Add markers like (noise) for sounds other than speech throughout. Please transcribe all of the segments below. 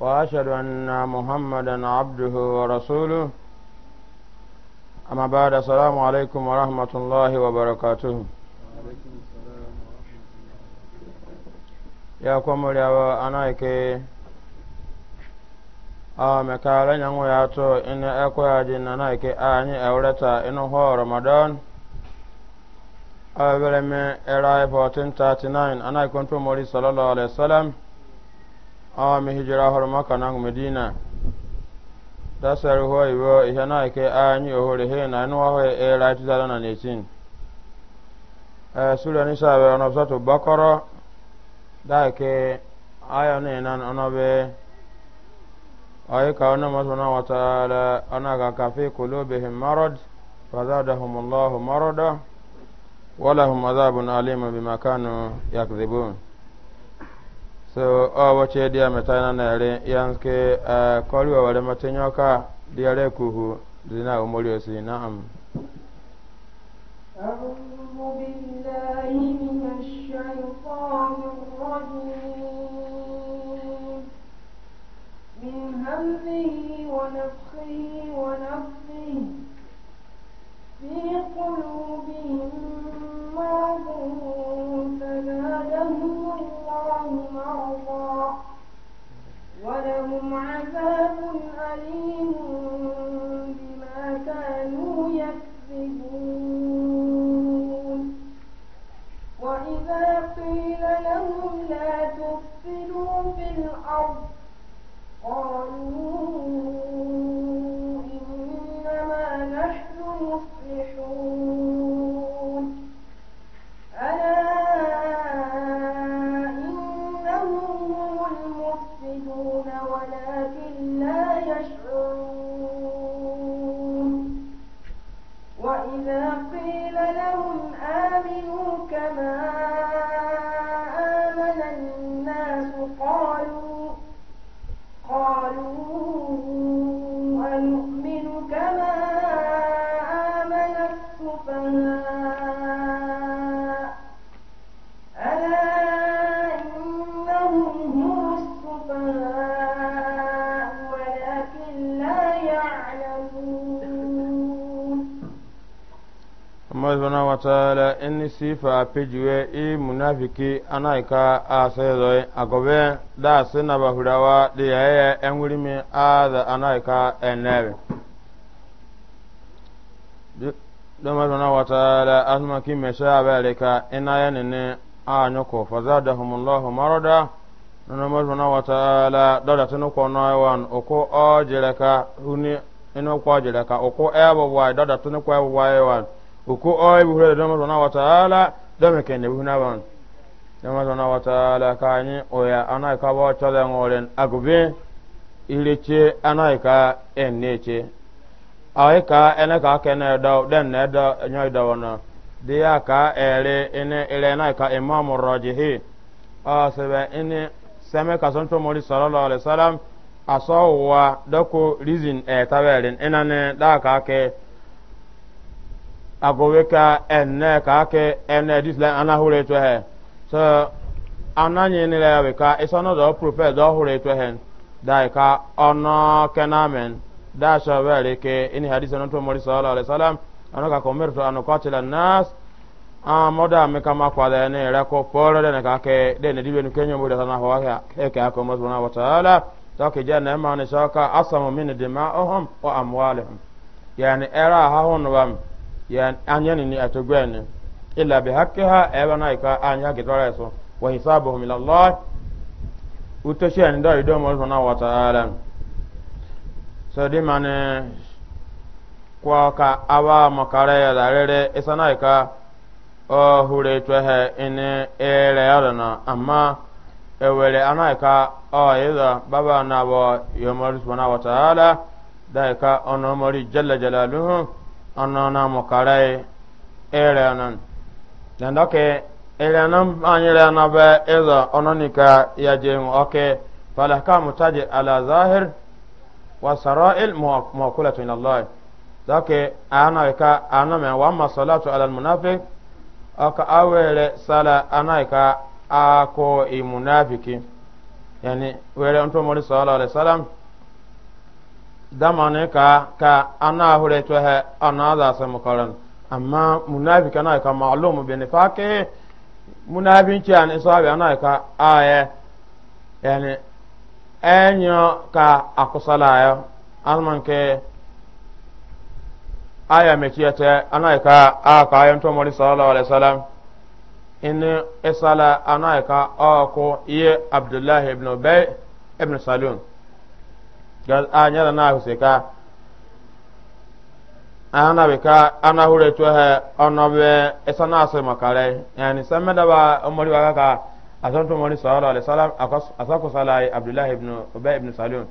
وأشهد أن محمدا عبده ورسوله أما بعد السلام عليكم ورحمة الله وبركاته يا كم يا أنا كي a mekala nyango ya to ina ekwe aji na na ike anyi eureta inu ho ramadan a bere me era 1439 ana ikontu mori sallallahu alaihi awa mi hijira hor maka na medina da sar ho ibo ihe na ike anyi ohore he na no ho e ra ti dala na nechin eh sura ni sa be ono sato bakara da ke aya ne na ono be ay ka ono ma sona wa taala ana ga ka fi qulubihim marad fazadahum allah marada wa lahum adhabun alim bima kanu yakdhibun so owoche dia metana nere yanke eh, kọlu wale matenyoka diare kuhu zina umuri osi na'am أعوذ بالله من الشيطان الرجيم من همزه في قلوبهم مرض فنادهم مرضا ولهم عذاب أليم بما كانوا يكذبون وإذا قيل لهم لا تفسدوا في الأرض قالوا إنما نحن مصلحون rahman subhanahu wa ta'ala inni sifa pejiwe i munafiki anaika asezoi e, agobe da sina bahurawa ndị yaya enwurimi aza anaika enebe dama subhanahu wa ta'ala asma ki mesha ka ina marada tinu wan huni ino kwa uku oy bu hore dama zona wa taala dama ken ne buna ban dama oya ana ka ba chala ngolen agube ileche ana ka enneche ay ka ene ka ken da den ne da nyoy da wona de ya ka ere ene na ka imam rajihi asaba ene same ka son to mori sallallahu alaihi wasallam dako reason e da ka ke agobe ka ene ka ake ene disla ana hure to he so ananye ni le ka iso no do prophet do hure to he dai ka ono kenamen da so ke ini hadis no to mori sallallahu alaihi wasallam ka komer to ano qatila nas a moda me kama kwa da ne re ko poro de ne ka ke de ne dibe nu kenyo mo na ho ka ko mo ke ma ne shaka asamu min dima'uhum wa amwalihim yani era ha hono yan anya ni atogwen illa bi haqqiha ewa na anya gidore so wa hisabuhum ila allah utoshi an do ido mo na wa ta'ala so di mane kwa ka awa makare ya darere isana ka o hure to he ine ere ya na amma ewere anaika o ida baba na bo yomaru subhanahu wa ta'ala onomori jalla jalaluhu ono na mukare ere nan dan doke ere nan anyere na be ezo ono nika ya je mu oke fala ka mutaji ala zahir wa sara'il muqulatu ila Allah doke ana ka ana me wa ma salatu ala al munafiq aka awere sala ana ka ako i munafiki yani were onto mori sallallahu alaihi wasallam damane ka ka ana hure to he ana za sa mukaran amma munafika na ka ma'lum bi nifaqi munafin ci an isabi ana ka aya yani enyo ka akusala ya alman ke aya mekiyata ana ka aka ayan to mori sallallahu alaihi wasallam in isala ana ka ako ye abdullah ibn ubay ibn salun gal anyara na huseka ana bika ana hure to he ono be esana ase makare yani sameda ba omori wa kaka azanto mori sallallahu alaihi wasallam asako salai abdullah ibn ubay ibn salun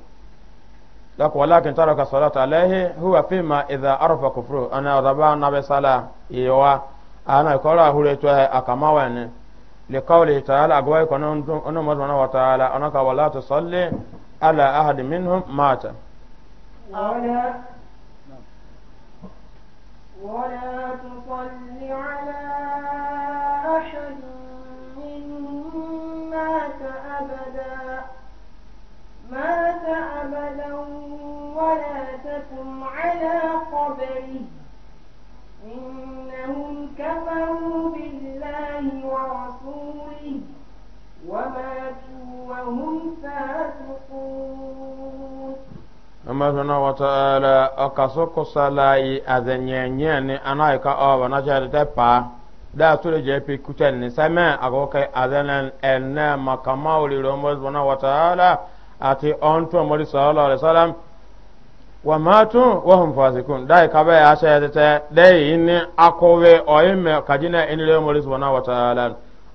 لك ولكن ترك الصلاة عليه هو فيما إذا عرف كفره أنا ربا نبي صلاة يوا أنا يقول أهولي توهي أكماوين لقوله تعالى أقوى يكون أنه مدمنا وتعالى أنك ولا تصلي على أحد منهم مات ولا ولا تصلي على أحد منهم مات أبدا مات أبدا ولا تكن على قبره إنهم كفروا بالله ورسوله وماتوا وهم فاسقون amma suna wataala aka soko salayi a zanyenye ne ana na shari ta fa da su da jefi kutan ne same a kokai a zanen enne makama wuri romar suna wataala a ti on to mori sallallahu alaihi wasallam wa matu wa fasikun dai ka ya shayata dai ni akowe kajina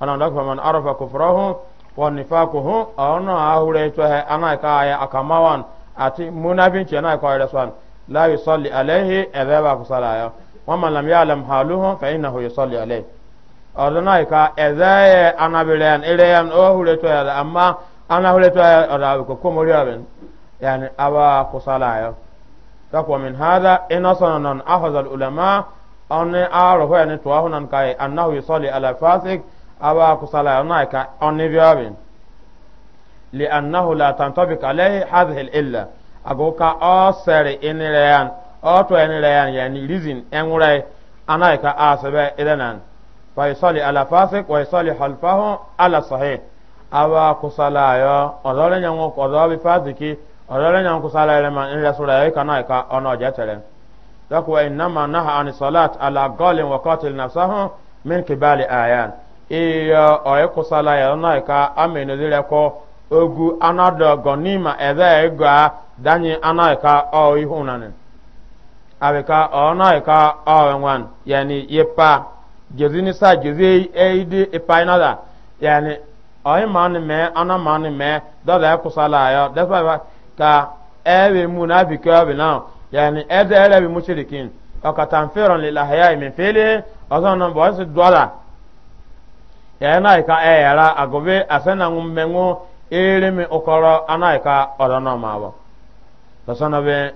ana da kuma man arafa kufrahu wa nifaquhu ana ahure to he ana ka ya akamawan ati munafinci ana ka ya swan la yusalli alaihi adaba kusala ya wa man lam ya'lam haluhu fa innahu yusalli alaihi ordana ka ezaye anabilen ileyan o hure amma ana hure to ko komori aben yani awa kusala ya takwa min hada ina sananan ulama an arafa yani tuahunan kai annahu yusalli ala fasik aba kusala ona ka onibiyabin li annahu la tantabik alayhi hadhihi al illa agoka asari inireyan oto inireyan yani reason enwurai anaika asabe idanan fa yusali ala fasik wa yusali halfahu ala sahih aba kusala yo odore nyanwo odobi fasiki odore nyanwo kusala ele man ile sura yo kana ono jetere dakwa innama naha an salat ala qalin wa qatil nafsahu min kibali ayan iya oye ya na ka amenu zire ogu anado gonima eze ego danyi anaika o ihu nani abika o naika o wenwan yani yepa jezi ni sa jezi eidi ipainada yani oye mani me ana mani me dada ya kusala ya desa ka ewe munafiki obi na yani eze elebi mushrikin ọkatamferon lilahiyai min fili ọzọ nan bọ ọsị dọla yanaika eyara agobe asena ngummengo elimi ụkọrọ anaika odono mawo a be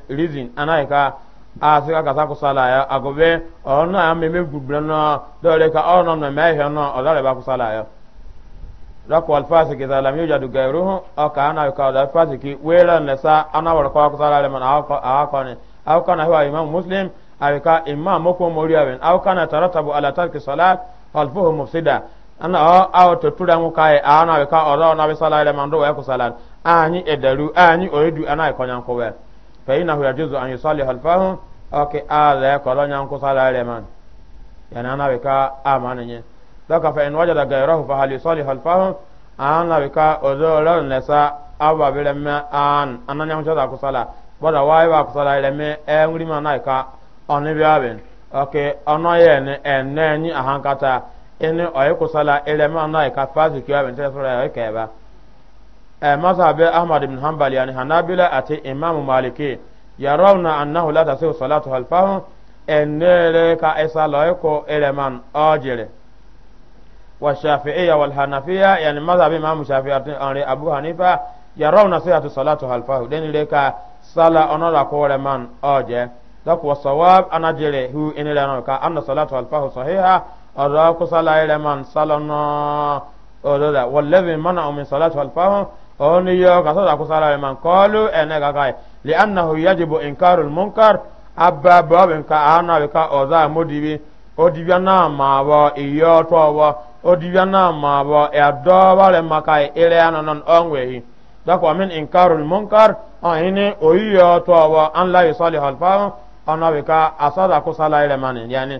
anaika asika kasa kusala ya agobe ona ameme gubra no dole ka ya lako alfasi kiza lam yujadu gairuhu aka anaika oda alfasi anawara kwa mana ne na huwa imam muslim awika imam ko moriya na taratabu salat ana o awo to tura mu kai e, ana be ka oro na be sala ile mando wa e ku salan ani edaru ani oedu ana e, e konyan ko we fa ina hu yajuzu an yusallihu al fahum oke ala ko lo nyan ku sala ile man yana ana be ka amana nye daga fa in wajada gairahu fa hal yusallihu al fahum ana be ka ozo lo nesa awa be lema an ananya hu jada ku sala bada wa wa ku sala ile me e ngri ma na ka oni bi aben oke ono ye ne enenyi ahankata ini oyi kusala ilema na ka fasi kiwa bin tare sura oyi kaiba e mazhabi ahmad ibn hanbal yani hanabila ati imam maliki yarawna annahu la tasihu salatu hal fahu enere ka isa loyi ko ileman ojire wa shafi'iyya wal hanafiya yani mazhabi imam shafi'i anri abu hanifa yarawna sihatu salatu hal fahu deni le ka sala onora ko ileman ojire dak wa sawab anajire hu inira ka anna salatu hal fahu sahiha ọ̀rọ̀ kọsálà rẹ̀ máa ń sálọ náà ọ̀rọ̀ rẹ̀ wọ̀lẹ́bí mọ́nà omi sọ̀lá tó alfahàn ọ̀hún ni yọ kàtọ́ta kọsálà rẹ̀ máa ń kọ́lu ẹ̀nẹ́ kàkà yìí lè anna hu yá jìbò nkàrù munkar abẹ́ bọ́ọ̀bì nka àánú àbíká ọ̀zá àmódìbí odìbí náà máa wọ ìyọ́ tó wọ odìbí náà máa wọ ẹ̀dọ́ wàlẹ̀ maka ilẹ̀ ànánà ọ̀nwẹ̀hì dọ́kọ̀ min nkàrù yìí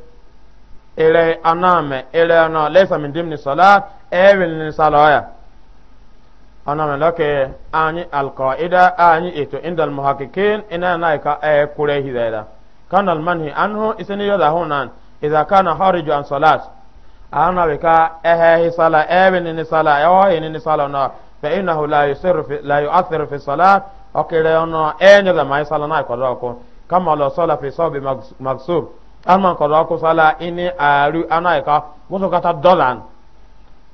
إلي أنام إلي أنا ليس من ضمن الصلاة أبل الصلاة أنا لك أني القاعدة أني إتو عند المحققين إن أنا إكا أكله هذا كان المنهي عنه إسني يدا هنا إذا كان خارج عن صلاة أنا بك أهه صلاة أبل صلاة أوه إن صلاة فإنه لا يسر في لا يؤثر في الصلاة أكله أنا أني لما يصلي نايكو كما لو صلى في صوب مكسور ama kɔdɔ kusala ini aaru ana ika muso kata dɔlan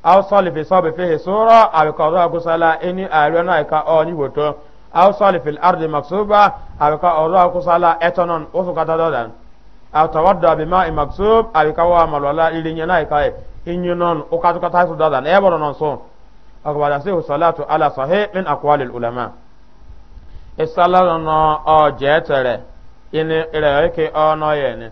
aw sɔli fi sɔbi fihi sura abi kɔdɔ kusala ini aaru ana ika ɔni woto aw sɔli fi ardi maksuba abi kɔdɔ kusala ɛtɔnɔn muso kata dɔlan aw bima dɔ bi ma i maksub abi ka waa malɔla iri nyɛna ika ye inyi nɔn dɔlan ɛyɛ bɔrɔ nɔn so ala sahi min akwali ulama isala nɔnɔ ɔ jɛ tɛrɛ ini irɛ yɛ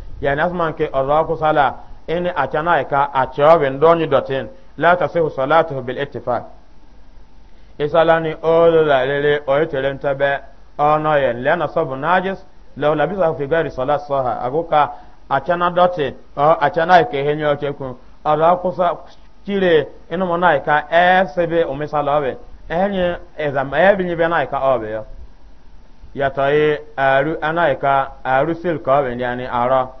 yani asman ke arra ku sala in a cana ka a cewa ndonyi dotin la tasihu salatuhu bil ittifaq isalani olo la lele o itelen tabe ono yen lana sabu najis law labisa fi gari salat saha aguka acana dote o acana ke henyo cheku arra ku sa chire inu mona ka esebe o misala obe enye ezam ebinyi be na ka obe yo yataye aru anaika aru sil ka obe yani ara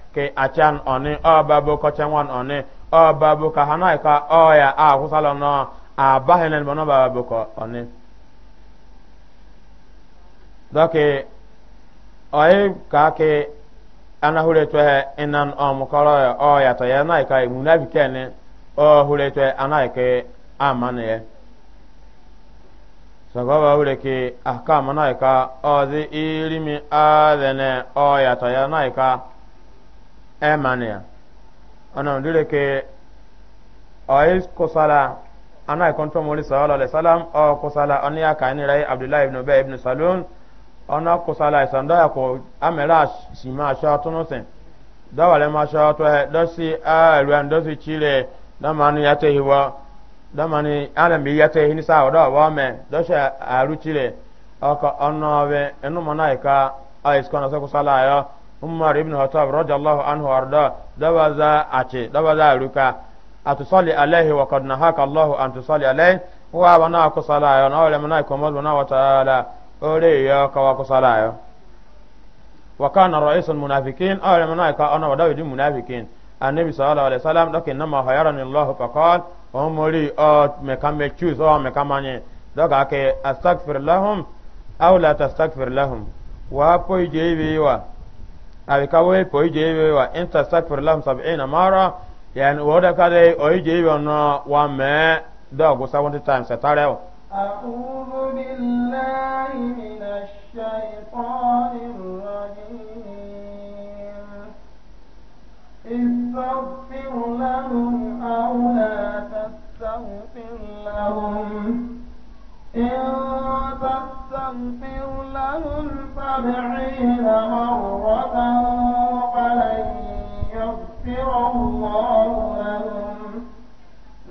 ke achan oni obabu kochenwan oni obabu ka hanai ka oya a kusalo no bono babu ko oni doke oyi ka ke anahure twe inan omukoro oya to ka imunabi kene o hure anai ke amane ke ka ozi adene oya to emania ana ndire ke ais kosala ana kontro moli sallallahu alaihi wasallam o kosala ani aka ni rai abdullah ibn ubay ibn salul ana kosala ya ko amera sima dawale ma sha he dosi a ruan si chile damani yate hiwa damani ala mi hini sa wa me dosha aru chile enu ka kona umar ibn khattab radiyallahu anhu arda dawa za ace dawa za ruka atusalli alaihi wa qad nahaka allah an tusalli alaihi wa wana ku salayo na wala mana ko mazu na wa taala ore ya ka wa ku salayo wa kana ra'isul munafiqin awla mana ka ana wa dawidin munafiqin annabi sallallahu alaihi wasallam dokin nama hayarani allah fa qala umri o me kame choose o me kamanye doka ke astaghfir lahum aw la tastaghfir lahum wa apoy jeewi wa abika wo po ije be wa inta sakfir lam sab'ina mara yani wo da kare o ije be no wa me da go 70 times satare o أعوذ بالله من الشيطان الرجيم استغفر لهم أو لا تستغفر لهم إن تستغفر لهم سبعين مرة فلن يغفر الله لهم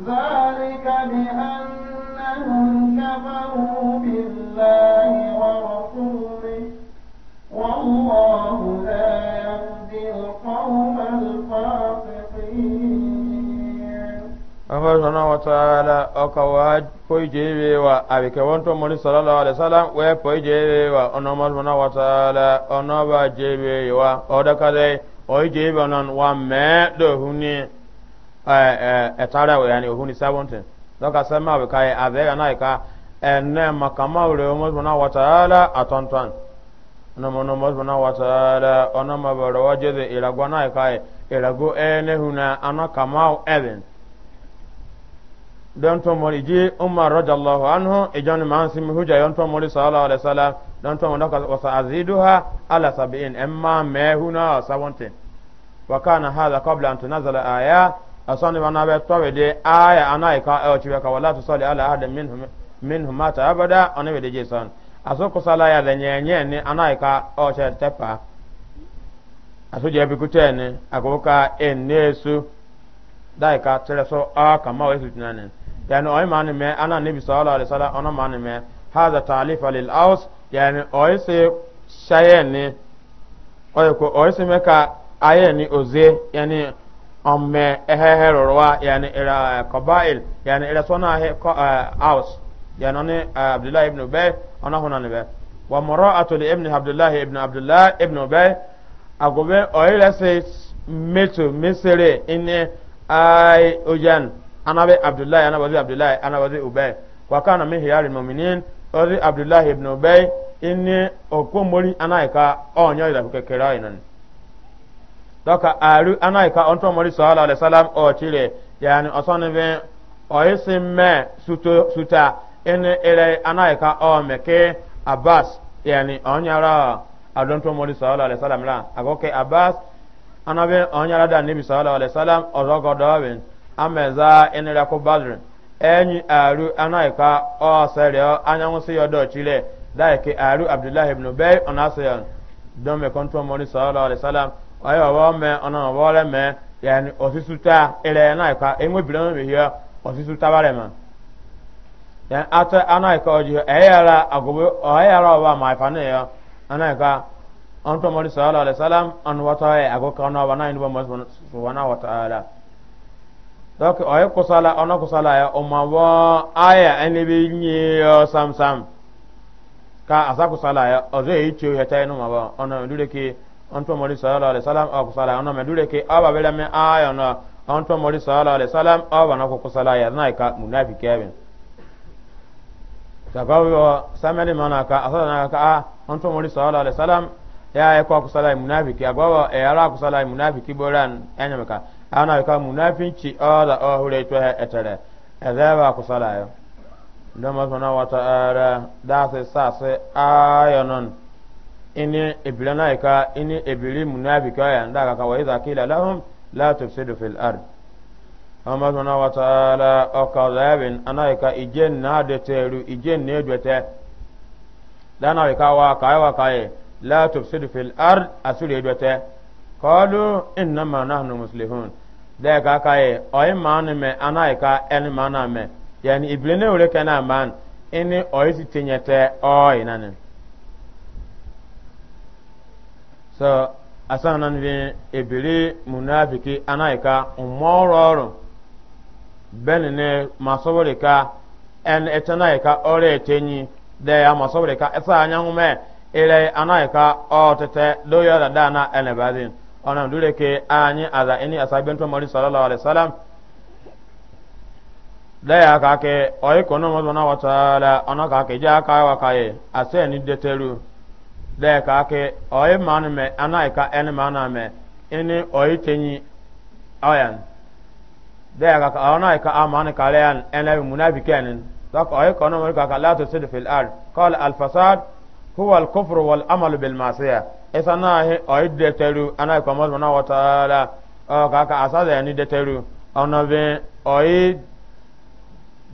ذلك بأنهم كفروا بالله ورسوله والله لا يهدي القوم الفاسقين amma sana wa ta'ala aka wa poi jewe wa abike wonto mori sallallahu alaihi wasallam we poi jewe wa ono ma sana wa ta'ala ono ba jewe wa oda kale o jewe non wa me do huni eh eh etara wa yani huni sabonte doka sema we kai avega na ka enne makama ule mo sana wa ta'ala atonton nomo nomo sana wa ta'ala ono ma baro wajede ilagwa na kai ilago ene huna ana kamau even don to mori ji umar radiyallahu anhu ijon man sim huja yon to mori sallallahu alaihi wasallam don to mon wasa aziduha ala sab'in amma ma huna 17 wa kana hadha qabla an tunzala aya asani wana be to de aya ana ka e chiwe ka wala to sali ala ahad minhum minhum mata abada ona be de jesan asoko sala ya le nyenye ni ana ka e o che tepa asuje bi kutene akoka enesu dai ka tere so a kama wesu tinane yani oy mani me ana nabi sallallahu alaihi wasallam ona mani me hada talifa lil aus yani oy se shayeni oy ko oy se me ka ayeni oze yani omme ehehe rorwa yani ira eh, qabail yani ira sona he aus eh, yani oni eh, abdullah ibn ubay ona hona be wa mara'atu li ibn abdullah ibn abdullah ibn ubay agobe oy la se meto mesere ine ay ojan anabi abdullahi anabazi abdullahi anabazi ubay wa kana min hiyari mu'minin ozi abdullahi ibn ubay inni okomori anaika onyo ida kekera inan doka aru anaika onto mori sallallahu alaihi wasallam o chire yani osoni be oisimme suto suta ene ere anaika o meke abbas yani onyara adonto mori sallallahu alaihi wasallam la agoke abbas anabe onyara da nabi sallallahu alaihi wasallam ozogodo ben ameza enere ko badrin enyi aru anaika o sere anyanwu si yodo chile daike aru abdullahi ibn ubay onasayan don me kontrol mori sallallahu alaihi wasallam ayo wa me ona wa le me yani osisuta ele anaika enwe bilo me hiya osisuta bare ma then after anaika oji eyara agobo eyara wa ma ifane ya anaika onto sallallahu alaihi wasallam an agoka ona wa na wa wa ta'ala donc oye kusala ona kusala ya uma wo aya ene bi nyi yo sam sam ka asa kusala ya ozo yi chu ya tayi numa wo ona dure ki onto mori sallallahu alaihi wasallam o kusala ona me dure ki aba bele me aya ona onto mori sallallahu alaihi wasallam aba na kusala ya na ka munafiki ya sababu samani mana ka asa na ka a onto mori sallallahu alaihi wasallam ya ya kwa kusala munafiki agwa e, ya ra kusala munafiki boran enyameka ana ka munafinci ala ahure to ya etare azaba ku salayo don ma sona wata ara da se sa se ayanon ini ibilana ka ini ibili munafika ya nda ka wa iza kila lahum la tufsidu fil ard amma sona wata ala o ka zabin ana ka ijen na de teru ijen ne dwete dana ka wa kai wa kai la tufsidu fil ard asuri dwete qalu innama nahnu muslihun de ka ka ye oyi maanu mɛ ana yi e ka na maana mɛ yanni ibile ne wele kɛ na maan ini oyi si tiɲɛ tɛ ɔɔyi nani so asan nan bi ibili munafiki ana yi ọrụ umɔɔrɔɔrɔ bɛni ne masɔbɔli ka ɛni ɛtɛna yi e ka ɔrɛ tɛnyi de ya masɔbɔli ka ɛsɛ anyanwumɛ ere ana yi e ka ɔɔtɛtɛ do yɔrɔ daana ɛnɛ baadin. ona dure ke anyi aza ini asabin to mari sallallahu alaihi wasallam da ya ka ke oyi kono mo na wa taala ona ka ke ja ka wa ka ye ase ni deteru da ya ka ke oyi man me ana e ka en man me ini oyi tenyi ayan da ya ka ona e ka aman e ka le an en la munafikan da ka oyi kono mo ka ka la to sid fil ard qala al fasad huwa al kufru wal amalu bil ma'siyah esa na ahi oyi deteru ana ikoma na wataala o kaka asaza yani deteru ona be oyi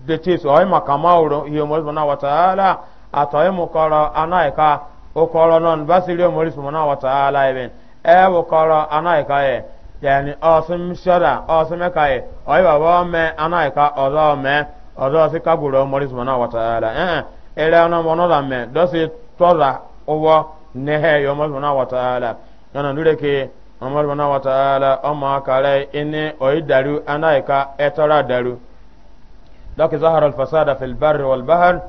detis oyi maka uro ihe mo zumana wataala atoyi mukoro ana ika ukoro non basiri o mori zumana wataala ibin e ukoro ana ika ye yani osim shara osim ka ye oyi baba me ana ika ozo me ozo si kaguro o mori na wataala eh, eh. ele ona mono da me dosi toza nehe yo mo na wa taala nana nure ke amar bana wa taala amma kare ine oyi daru anaika etara daru لكن ظهر الفساد في البر والبحر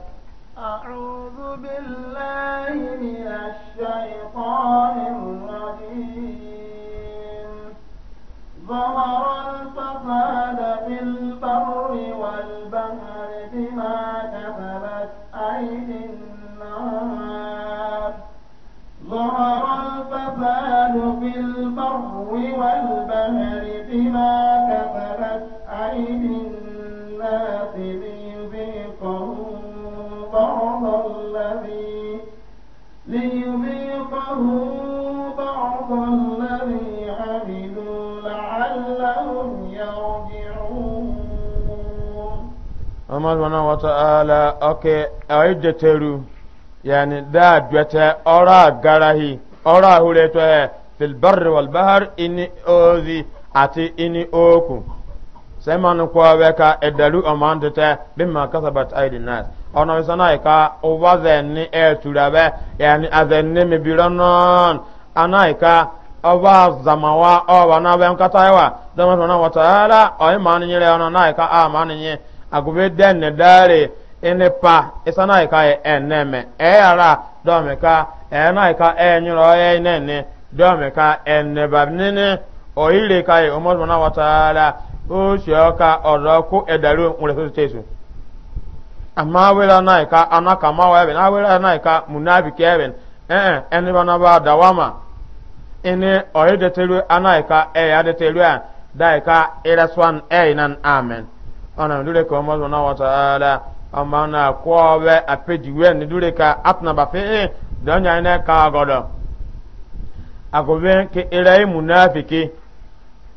أعوذ بالله من الشيطان الرجيم ظهر الفساد في البر والبحر بما كسبت أيدي الناس ظهر الفساد في البر والبحر بما كسبت أيدي الناس ليذيقهم بعض الذي ليذيقهم بعض الذي عملوا لعلهم يرجعون أما الله وتعالى أوكي أعد ترو yani da dwete ora garahi ora hureto he fil barri wal bahar ini ozi ati ini oku sai man ko we ka edalu amande te bimma kasabat aidin nas ona sana ka obazen ni e turabe yani azen ni mi bironon anaika ọba zamawa ọba na bẹ nkata yawa dama sọna wata yara ọyi maa ni nyere ọna naika a maa ni nye agube den ne dare ịnị pa isana ika ene me e ara do ka e na ika e nyuro e ne ne do ka ene ba ne ne o ile ka e na wa taala o ka oro ku e daru nwere so tesu amma wela na ika anaka ma wa be na wela na ika munabi ke ben eh ene ba na ba dawama ene o ile teru anaika e ya de teru a e. da ika ira swan e nan amen ona ndure ko omo na wa taala amana kwobe apejiwe ni dure ka atna ba fe donya ne ka godo agobe ke ere munafiki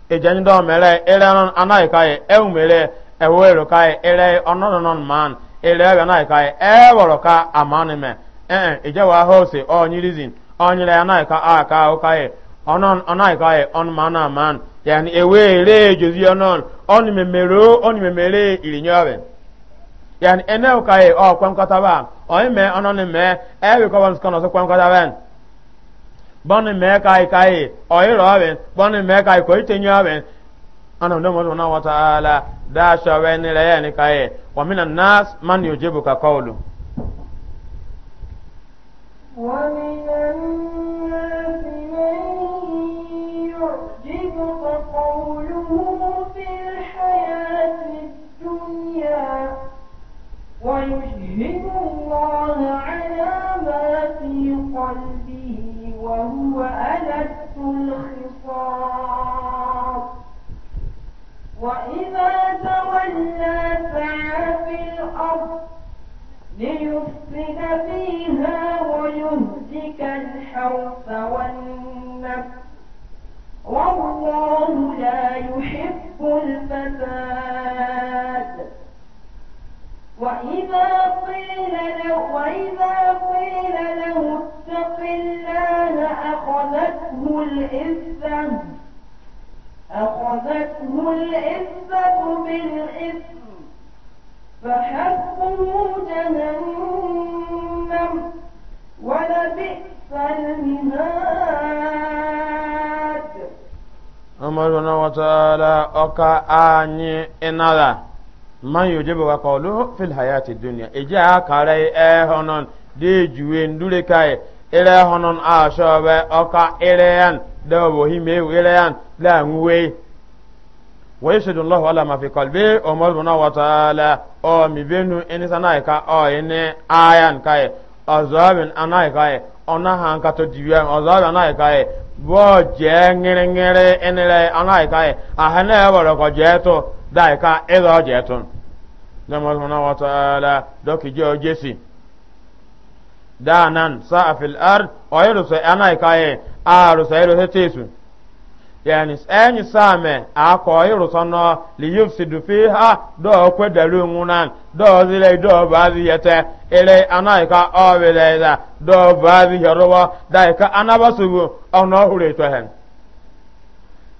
e janyi do mere ere non anai ka e, e umere e wero ka e, ere onon non man ere ga nai ka e, e woro ka amani me e jawa hose anai ka aka ka e onon anai ka e on mana man yani ewe ere jozi onon on yani ene ka ye o kwan kota ba o me ono ne me e wi ko wan skono so kwan kota ben bon me ka ka ye o i ro ben bon me ka ko ite nyu ben ana ndo mo na wa taala da sha we ni le yani ka ye wa minan nas man ka wa nas الدنيا 有音啊！وإذا قيل له وإذا قيل له اتق الله أخذته العزة أخذته العزة بالإثم فحسبه جهنم ولبئس المهاد أمرنا وتعالى أكا أني إنذا man yujibu wa qawluhu fil hayati dunya eje akara e honon de juwe ndure kai ire honon a shobe oka ire yan da wo hime ire yan la nwe wa yashhadu Allahu ala ma fi qalbi umar bin wa ta'ala o mi benu eni sanai ka o ene ayan kai bɔɔ jɛɛ ŋiri ŋiri ɛni lɛ ana yi ka yi a hɛnɛ yɛ wɔlɔ kɔ jɛɛ to da yi ka ɛzɔ jɛɛ to dama sɔnna wata la dɔki jɛ o jesi daanan sa afil ar ɔyɛ rusɛ ana yi ka yi a rusɛ yɛ rusɛ teesu. yani enyi same akọ ịrụsọ nọ liyufsidu fiha dọọ kwedaru nwunan dọọ zile dọọ baazi ile anaika ọbile ila dọọ baazi ọnụ ọhụrụ eto hen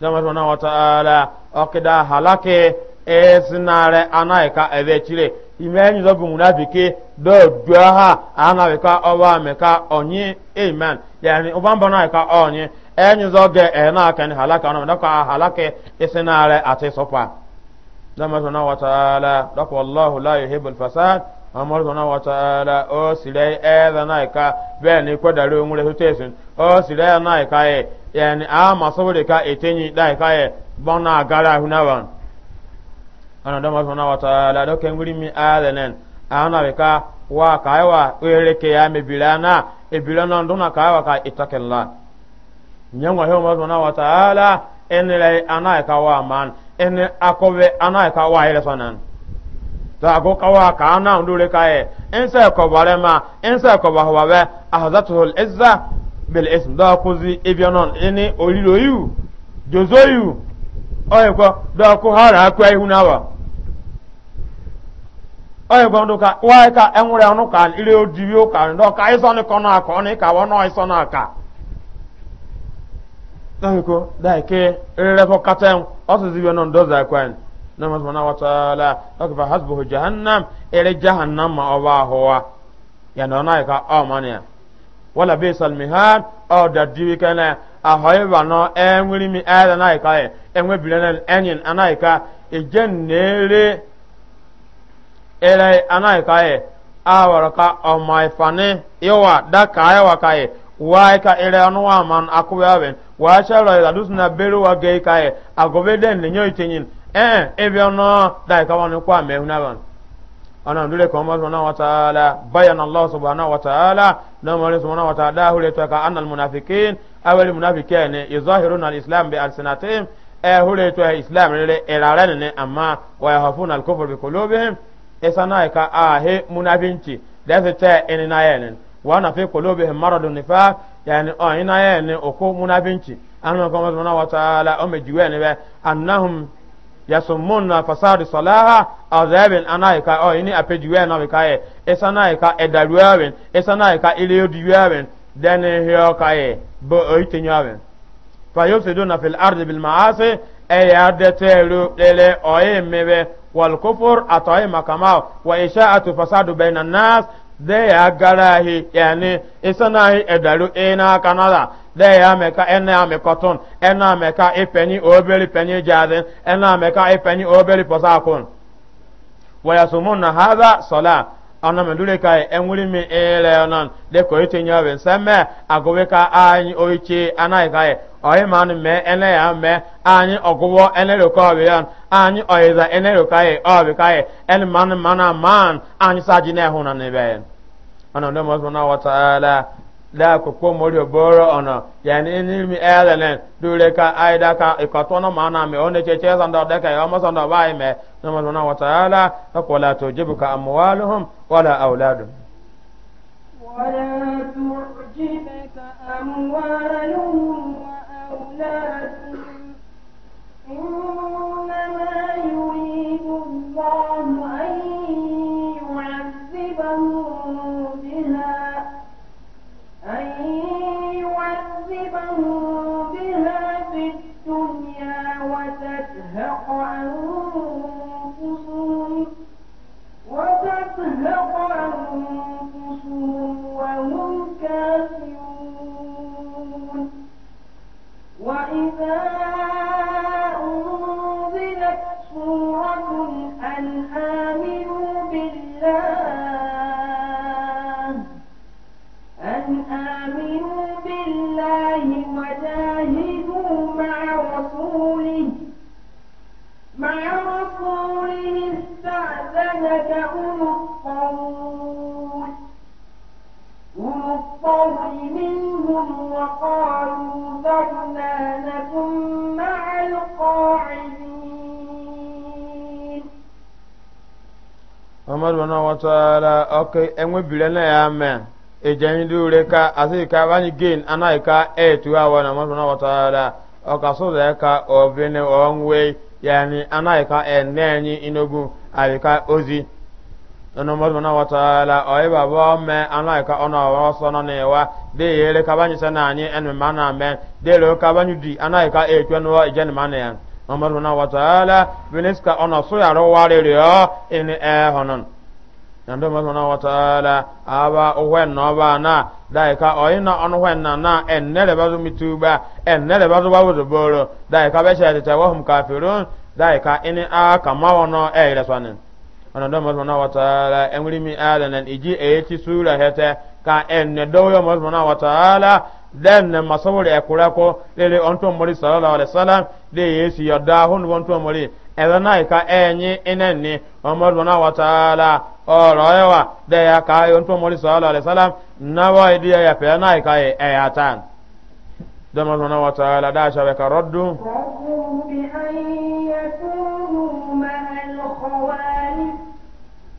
zamatu na wataala ọkida halake esinare anaika ebe chire ime enyi zọ bụ munafiki dọọ duo ha enyi zɔ gɛ e, ɛna akɛni halaka ɔnɔ dɔkɔ a halake isinare ati sopa dama na wa taala dɔkɔ wallahu la yuhibbul fasad amadu sɔnna wa taala o sire ɛɛda e, na ika bɛɛ ni kɔdari o ŋure sute sun o sire na ika ye yɛni e, a masobo de ka etenyi da ika ye bɔn na gara huna wa na dama sɔnna wa taala dɔkɛ ŋuri mi aadɛnɛn ana bi ka wa kaayi wa o yɛrɛ ke ya mɛ bila na ebira na dɔnna kaayi wa ka itakɛla. nyangwa hiyo mazu na wataala ala lai anaye kawa ene akowe anaye ta ka ana ndule kae ense ko barema ense ko bahwawe ahadatul izza bil ism da kuzi ibyanon ene olilo yu jozoyu oye ko da ko hara akwa dahiko dahike rerefo katem otu zibe non doza kwen na masu mana wata la oke fa hasbuhu jahannam ere jahannam ma oba howa ya na ona ka o mania wala be salmihad o da diwi kana na hoye ba no enwiri mi ada na ka enwe enwe bilenen enyin anaika ejen nere ere anaika e awara ka o mai fane yowa da ka yawa ka e waika ka ire man akuwe aben wa sharo ila dusna beru wa gei kae agobe den ni nyoi tinyin eh ebi ono dai ka wani kwa me hunaban ana ndule ko mo subhanahu wa ta'ala bayana allah subhanahu wa ta'ala na mo subhanahu wa ta'ala hule to ka anal munafiqin awal munafiqin yuzahiruna al-islam bi alsinatihim eh hule to islam rere erare ne amma wa yahafuna al-kufr bi qulubihim esana ka ahe munafinci da su ta enina yanin wana fi qulubihim maradun nifaq yani o ina ya ni oku munafinci anna kuma subhanahu wa ta'ala o mejiwe ni be annahum yasummunna fasadi salaha azabin anaika o ini apejiwe na be kaye esanaika edaruwen esanaika ileyodiwen dene hiyo kaye bo oitinyawen fa yufsiduna fil ardi bil ma'asi eyadeteru ele oye mebe والكفر أطعم كما وإشاءة فساد بين الناس de ya gara ahi yani isana ahi edaru ina kanada de ya meka ena amekotun ena meka ipeni obeli peni jazin ena meka ipeni obeli posakun wayasumunna hadha salat ana mɛ dole ka ɛnwuri mi ɛlɛ nan de ko ite nyɛ bɛ sɛmɛ agobe ka anyi oitse ana yi ka yɛ ɔyi maa ni mɛ ɛnɛ ya mɛ anyi ɔgubɔ ɛnɛ de ka ɔbi yan anyi ɔyiza ɛnɛ de ka yɛ ɔbi ka yɛ ɛni maa anyi saji na ɛhuna ni bɛ yɛn. ana da mazmana wa ta'ala da ko ko mori boro ona yani ini mi elelen dure ka aida ka ikato na mana one che che da ka yoma zanda bai me na mazmana wa ta'ala ka qala tujibuka amwaluhum wala auladuhum ولا تعجبك أموالهم وأولادهم إنما يريد الله أن يعذبهم أن يعذبهم بها في الدنيا أنفسهم وهم كافرون وإذا سورة أن آمنوا بالله آمنوا بالله وجاهدوا مع رسوله مع رسوله استأذنك أولو الطول أولو الطول منهم وقالوا ذرنا لكم مع القاعدين أمر بنا وتعالى أوكي أمو بلنا يا أمان ejani dure ka asi ka wani gain ana ka e tuwa na masuna wataala o ka so da ka o bene o nwe yani ana ka e nenyi inogu ali ka ozi ono masuna wataala o e baba me ana ka ona wa sona ne wa de yele ka bani sana ani en ma na me de lo ka bani di ana ka e tuwa no ejani ma ne ya masuna wataala biniska ona so ya ro wa re ro in e honon nando masmana wa taala aba owen no ba na dai ka oyina on wen na na ennele bazu mituba ennele bazu bawu boro dai ka be shete ta wahum kafirun dai ka ini a kama wono e ire swanin nando masmana wa taala enwiri mi adanan iji e ti sura hete ka enne do yo masmana wa taala den na masawuri ekura ko lele onto mori sallallahu alaihi wasallam de yesu yada hun wonto mori ela na ka enyi inenni omar na wa taala oro yawa de ya ka onto mori sallallahu alaihi wasallam na wa idiya ya pe na ka e ayatan da ma na wa taala da sha ka raddu rabbu bi an ma al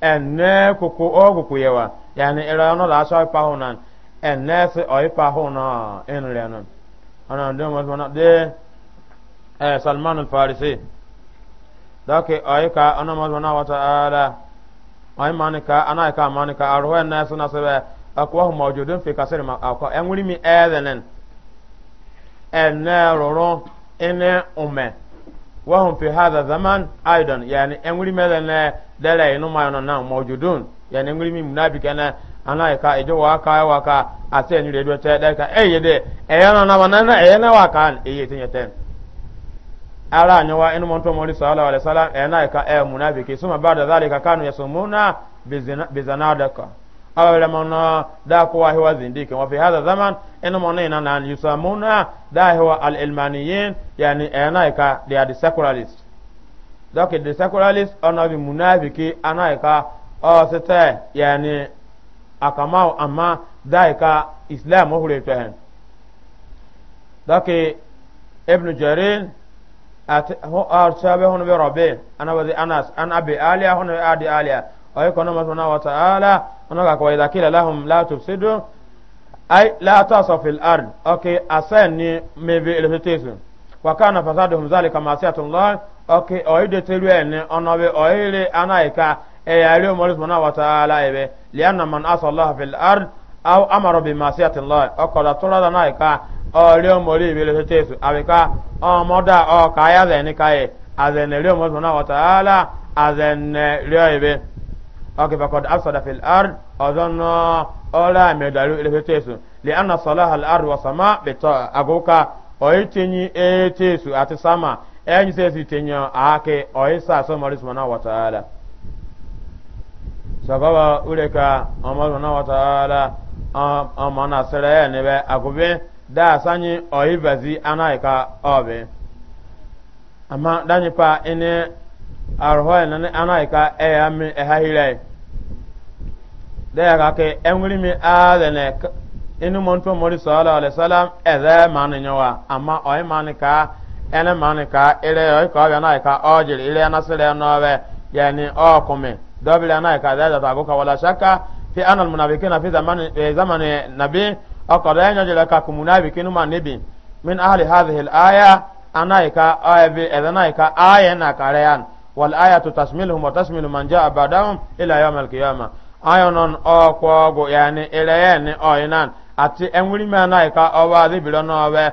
ene kuku oguku yewa yani ira la so pa honan ene se pa hona en ana mo na de eh salman al farisi dake ayka ana mo na wa taala manika ana ka manika arho ene se na sebe akwa mawjudun fi kasir ma akwa mi edenen roro ene dala inu ma yana na mawjudun ya ne ngri mi munabi kana ana ka ejo wa ka wa ka ase ni redo te da ka eye de eye na na eh, manana eye na wa ka eye eh, tin yeten ara ni wa inu monto mori sallallahu alaihi wasallam e na ka e munabi ke suma ba'da zalika kanu yasumuna bizanadaka awele mona da kuwa hewa zindiki wa fi hadha zaman inu mona ina na yusamuna da hewa al ilmaniyin yani e na ka they are the secularists donc the secularist ona bi munafiki ana ka o sete yani akama amma dai ka islam hure to hen donc ibn jarir at ho arsabe hono be rabbe ana wadi anas an abi aliya hono adi aliya o ko no masuna wa taala ona ka kwaida kila lahum la tufsidu ay la tasafil ard ni asani mebe elfetesu wa kana fasaduhum zalika ma'siyatullah oke oyideteru ene onobe oyire anaika eyari omori subhanahu wa ta'ala ebe lianna man asallaha fil ard au amara bi masiyati allah okoda tura naika ori omori ibele tetesu abika omoda o kaya zeni ni kaye azene ri omori subhanahu wa ta'ala azene ri ebe oke fakod afsada fil ard ozonno ola medaru ile tetesu lianna salaha al ard wa sama bi ta agoka oyitinyi etesu ati sama enyi sai su tenya ake oisa so mari subhanahu wa ta'ala sababa ureka amar subhanahu wa ta'ala amana sere ne be akube da sanyi oibazi anaika obe amma danyi pa ene arhoy nane ka e ami e hahire da ya kake enwiri mi adene inu montu mori sallallahu alaihi wasallam eze mani nyawa amma oyi mani ka ene mani ka ile oi ka obi anai ka ojiri ile anasire nobe yani okumi dobile anai ka zaida taguka wala shaka fi anal munafikina fi zamani e, zamani nabi okoda enyo jile ka kumunabikinu ma nibi min ahli hadhihi al-aya anai ka oebi edanai ka aya na kareyan wal ayatu tasmiluhum wa tasmilu man jaa ba'dahum ila yawm al-qiyamah ayonon okwogo yani ile yani oinan ati enwiri me anai ka oba adibilo nobe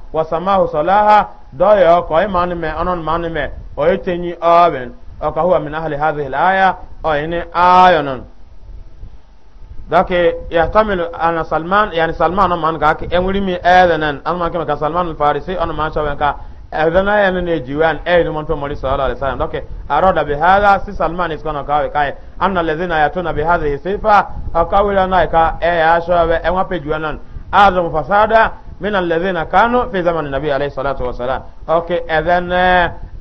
wasamahu salaha dɔyɛ ɔkɔ ɔyɛ maani mɛ ɔnɔn maani mɛ ɔyɛ tɛnyi ɔɔbɛn ɔka huwa min ahli hadhihi al-aya ɔyɛ ni aayɔnɔn dɔke yahtamilu ana salman yani salman ɔnɔ maani kaa ɛnwiri mi ɛɛdɛnɛn ɔnɔ maani kɛmɛ ka salman farisi ɔnɔ maani sɔbɛn ka ɛdɛnɛ yɛ ne ne jiwɛn ɛyɛ ni mɔntɔ mɔri sɔɔlɔ ale sɛlɛm dɔke arɔda bi hada si salman is kɔnɔ kawɛ kaayɛ anna lɛzina yatuna bi hadhihi sifa ɔka wuli ɔnɔ yi ka ɛyɛ asɔbɛ ɛnwa pe jiwɛn nɔn fasada من الذين كانوا في زمن النبي عليه الصلاة والسلام أوكي إذن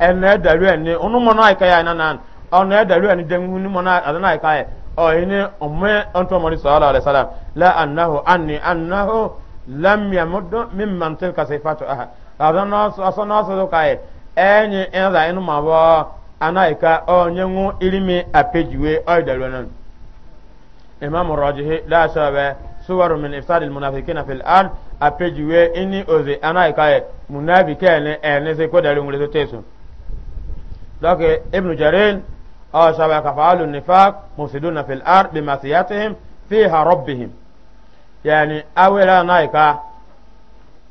أن يدلو أن أنه منايك يا نان أن يدلو أن دمون منايك أذنايك يا أين أمي أنت مولي صلى الله عليه وسلم لا أنه أني أنه لم يمد ممن تلك صفات أحد هذا أصنع صدوك يا أني إذا إنه ما أنايك أو نيمو إلمي أبيجوي أو يدلو إمام الراجحي لا شبه صور من إفساد المنافقين في الأرض apejiwe ini oze anaikaye munafikene enese kodari ngule tesu donc ibnu jarir aw shaba kafalu nifaq mufsiduna fil ard bimasiyatihim fiha rabbihim yani awela naika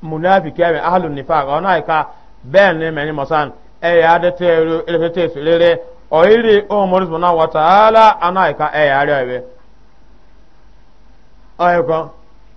munafikene ọ nifaq onaika bene meni mosan e yade teru ile tesu lele oyiri omori subhanahu wa ta'ala anaika e yare ewe ayko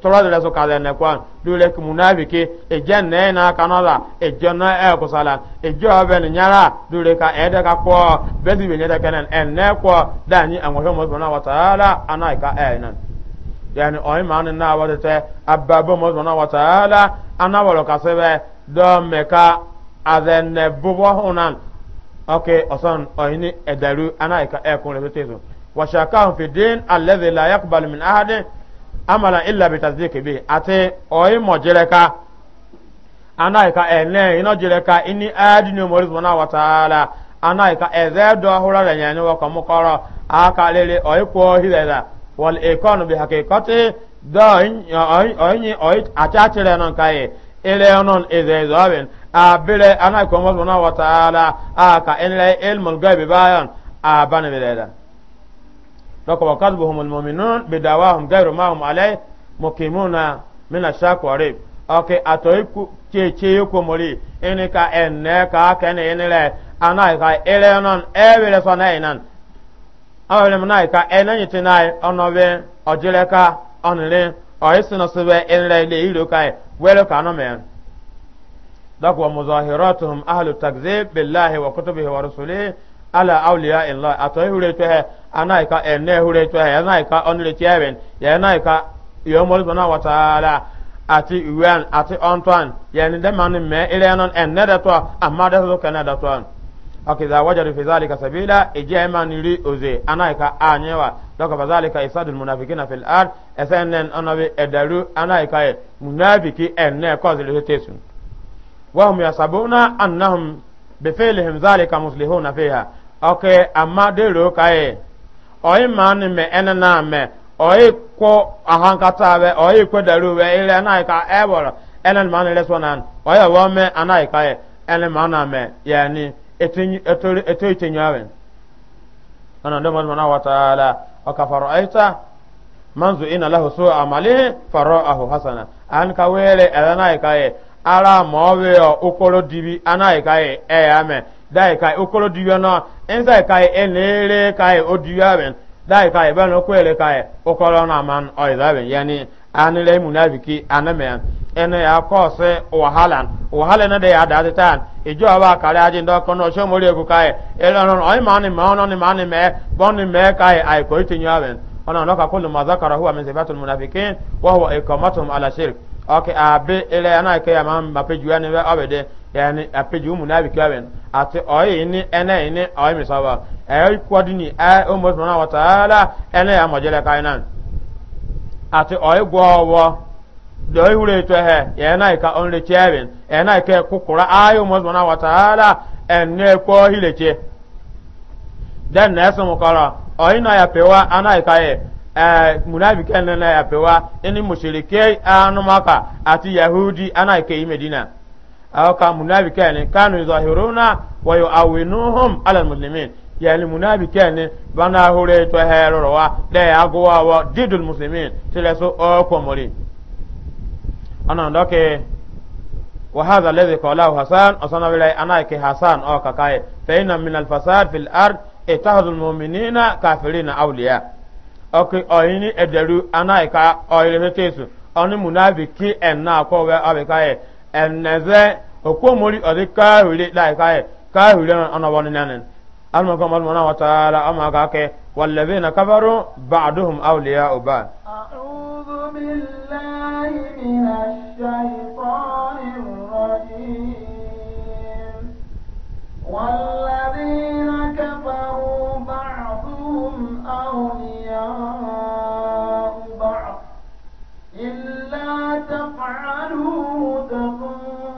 tɔrɔ de so kaza ne kwan dule ki munafiki eje ne na la eje na e kusala eje obe ni nyara dule ka ede ka ko bezi be nyede kenen en ne ko dani an wo mo bona wa taala ana ka e nan yani o iman na wa te abba mo bona wa taala ana wa lo ka sebe do me ka azen ne bubo hunan okay osan o ini edaru ana ka e kun te tezo wa shakahum fi din alladhi la yaqbalu min ahadin amala illa bi tasdiqi bi ate oyi mo jereka anai ka ene ino jereka ini adi ni umori subhanahu wa ta'ala anai ka eze do ahura da nyanyi wa kamukoro aka lele oyi ko hideda wal ikonu bi hakikati do oyi oyi achachire non kai ile onon eze zobin abire anai ko umori subhanahu wa ta'ala aka enle ilmul gaibi bayan abani bileda dɔk wa kadbuhum almuminun bidawahum gairu mahum alai mukimuna min ashak wa rib ok atoi che che ko mori ene ka enne ka kene ene le anai ka ele non e wele so nai nan awele munai ka ene nyiti nai onobe ojile ka onile oyisi no sibe ene le ile ka e, wele ka no men dɔk wa muzahiratuhum ahlu takzib billahi wa kutubihi wa rusulihi ala awliya illah atoi hure to anaika ene hure to ya anaika onle chairman ya anaika yo mo bona wa ati uwan ati ontan ya ni de man me ile non ene da to amma da so kana da to akiza wajadu fi zalika sabila ijema niri oze anaika anyewa doka fazalika isadul munafikina fil ard esenen onabe edaru anaika e munafiki enne kozile tesu wahum yasabuna annahum bifilihim zalika muslihuna fiha okay amma de ro kae oyi maani me ene naa me oyi ko nkata be oyi ko daru be ile anai ka ebolo ene maani leso nan oyi awo me anai ka ye ene maana me yani eto itenyawe ana ndo ka aita manzu ina lahu su hasana an ka wele ene ka ye ara mo we dibi ka ye e dai kai okoro diyo no enza kai enere kai odiyo ben dai kai ban okwele kai okoro na man oizaben yani anile munafiki aname ene ya kose wahalan wahalan de ya dadi tan ijo aba kare aji ndo kono so mori egu kai elon oi mani ma ono ni mani me boni me kai ai ko itinyo aben ona noka kullu ma zakara huwa min sifatul munafiqin wa huwa iqamatuhum ala shirk okay abe ile ana kai ma mapejuani be obede yani apeji umu nabi klaben ati oyi ini ene ini oyi misaba ayi e, kwadini a e, umu subhanahu wa ta'ala ene ya majele kainan ati oyi gwowo da oyi hure to he yana ka onle chebin yana ka kukura ayi umu subhanahu wa ta'ala ene ko hileche dan na yasu mukara oyi na ya pewa ana ka ye e, munafiki ene na ya pewa ini mushrike anumaka ati yahudi ana ka yi medina aw ka munafiqani kanu yuzahiruna wa yu'awinuhum ala almuslimin yani munafiqani bana hure to heroro wa de agwa wa didul muslimin tile so o ko mori ana ndoke wa hadha alladhi qalahu hasan asana bila anake hasan o kakaye fa inna min alfasad fil ard itahadul mu'minina kafirina awliya okay oyini ederu anaika oyire tesu oni munafiki enna ko we abekaye eneze okwomori ɔdi kahuri lai kaye kahuri ana wani nanin almakon almana wa ta'ala amma ka ke wallabe na kafaru ba'duhum awliya uba أعوذ billahi من الشيطان الرجيم والذين كفروا بعضهم أولياء بعض إلا تفعلوه تكون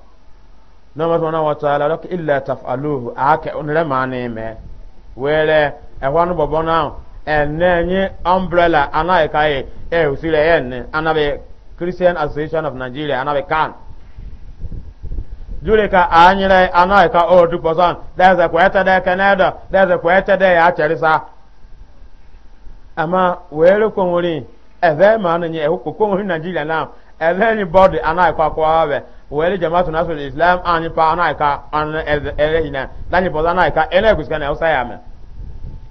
nama tɔna wa taala lɔk illa tafaluhu aake onere maani mɛ wɛrɛ ɛhɔn bɔbɔ naa ɛnɛ nye umbrella ana yi ka ye ɛ e, osiri ɛ ɛnɛ ana bɛ christian association of nigeria ana bɛ kan jure ka anyere ana yi ka o du pɔsɔn dɛsɛ kɔɛtɛ dɛ kɛnɛ dɔ dɛsɛ kɔɛtɛ dɛ y'a cɛri sa ama wɛrɛ kɔngori ɛfɛ maani nye ɛhɔ kɔngori nigeria naa ɛfɛ ni bɔdi ana yi ka kɔ wa bɛ. wele jamaatu nasul islam ani pa ana ka an ele hina lani boza na ka ele kuska na usa yame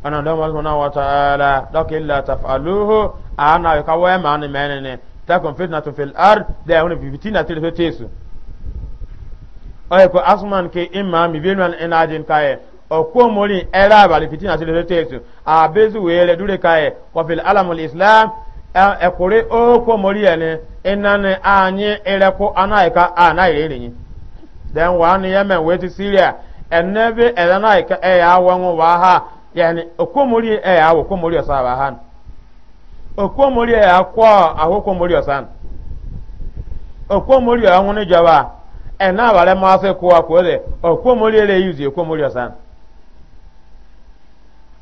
ana ndo mo na wa taala dak illa tafaluhu ana ka wa ma ani menene takun fitnatu fil ard da hun fitina til fetesu ay ko asman ke imma mi benwan enajin kae okwo mori era bali fitina til fetesu abezu wele dure kae wa fil alamul islam ekwuri okwo moriene inani anyi ireku anaika anaire irinyi then wani yemen weti syria enebi edenaika eya awangu waha yani okwomori eya awo okwomori osa bahan okwomori eya akwa aho okwomori osan okwomori eya ngune jaba ena bare mase kuwa kwere okwomori ere yuzi okwomori osan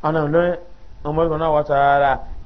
ana ndo omo na wataala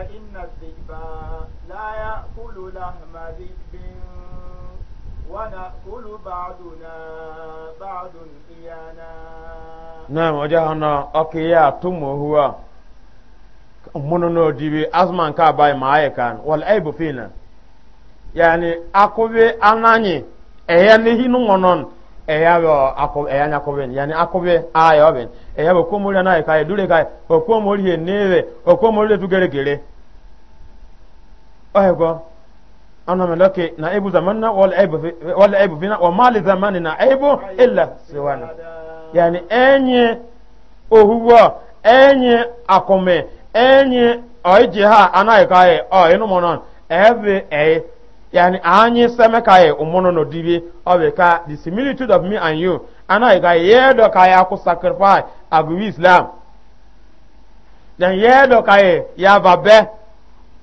إن الذئب لا يأكل لحم ذئب ونأكل بعضنا بعض إيانا نعم وجهنا أكيا تم هو munono dibi asman ka bai maaye kan wal aibu fina yani akobe ananyi eya nehi no ngonon eya yo eya yani akobe eya na ka ka tu gere gere ohego ana meloke na aibu zamanna wala aibu wala aibu fina wa mali na aibu illa siwana yani enye ohuwa enye akome enye oije ha anaghị ka anyị ọ ịnụ mụ ebe ee yani anyị seme ka anyị ụmụnụ nọ dibi ọ bụ ka the similitude of me and you anaghị ka ye yedo ka anyị sacrifice agụwa islam then ye ka anyị ya babe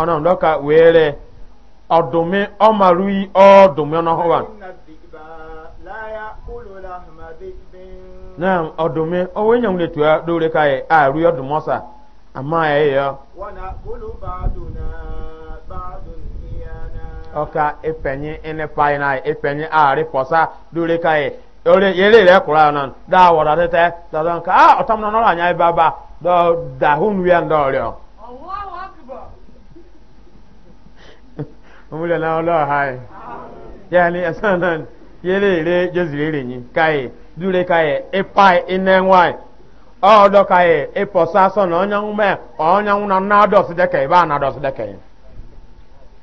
ana ndoka were ọdụmị ọ marụ yi ọdụmị ọnọhụwa na ọdụmị ọwụ enye nwere tuwa dore ka e arụ ya ọdụmị ọsa ama ya ya ọka ifenye ịnịpa na ifenye arị pọsa dore ka e, ya yere ire kwụrụ anọ da awọrọ tete dọdọ nka a ah, ọtọm nọ nọrọ anya ebe aba dọ dahụ nri ya ndị omule na ọlọ hai yani asanan yele ire jezire ire yin kaye dure kaye ipai ine nwai ọdọ kaye iposa sọ na ọnyanwụ mee ọnyanwụ na nna adọsi deke ibe a na adọsi deke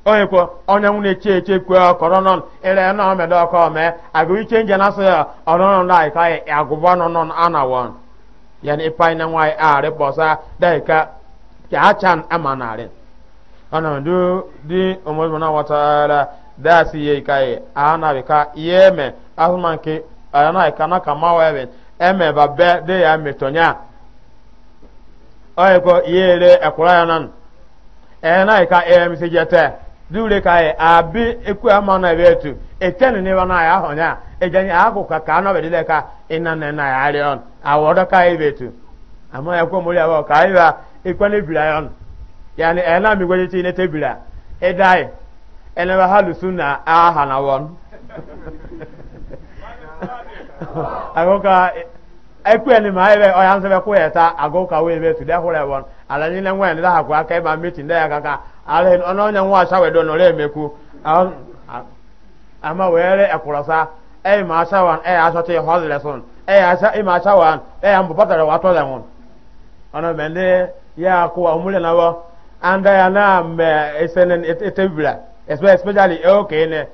onye kwo ọnyanwụ na-eche eche kwe ọkọrọ nọ ire na ọmede ọkọ mee agụ iche nje na sọ ya ọrụrụ ndị kaye agụba nọ nọ ya yani ipa na nwai a rịpọsa deka ka achan ama narị ana do di umar bin wataala da si ye kai ana bi ka yeme asman ke ana ka na kama wewe eme ba be de ya metonya oye ko yele ekura ya nan ena ka em se jete dure ka e abi eku ama na be tu etene ne wana ya honya ejanye akuka ka na be de ka ina na na ya rion awodo ka e betu ama ekwo ya awo ka iba ikwane bila yon yani ena eh, mi gwaje ci ne tebira e dai ena eh, ba halu sunna a ah, hana won (laughs) agoka ekwe ni mai be oyan oh, se be ku eta agoka we be tude hore won ala ni nwa ni da kwa ka e, ba meti nda ya kaka ala ni ono nya nwa sha we do no le meku ama were ekurasa e ma sha wan e aso te hol lesson e asa e ma sha wan e am bopata wa to le won ono mende ya ku amule na wo anda ya na me esenen etebira especially okay ne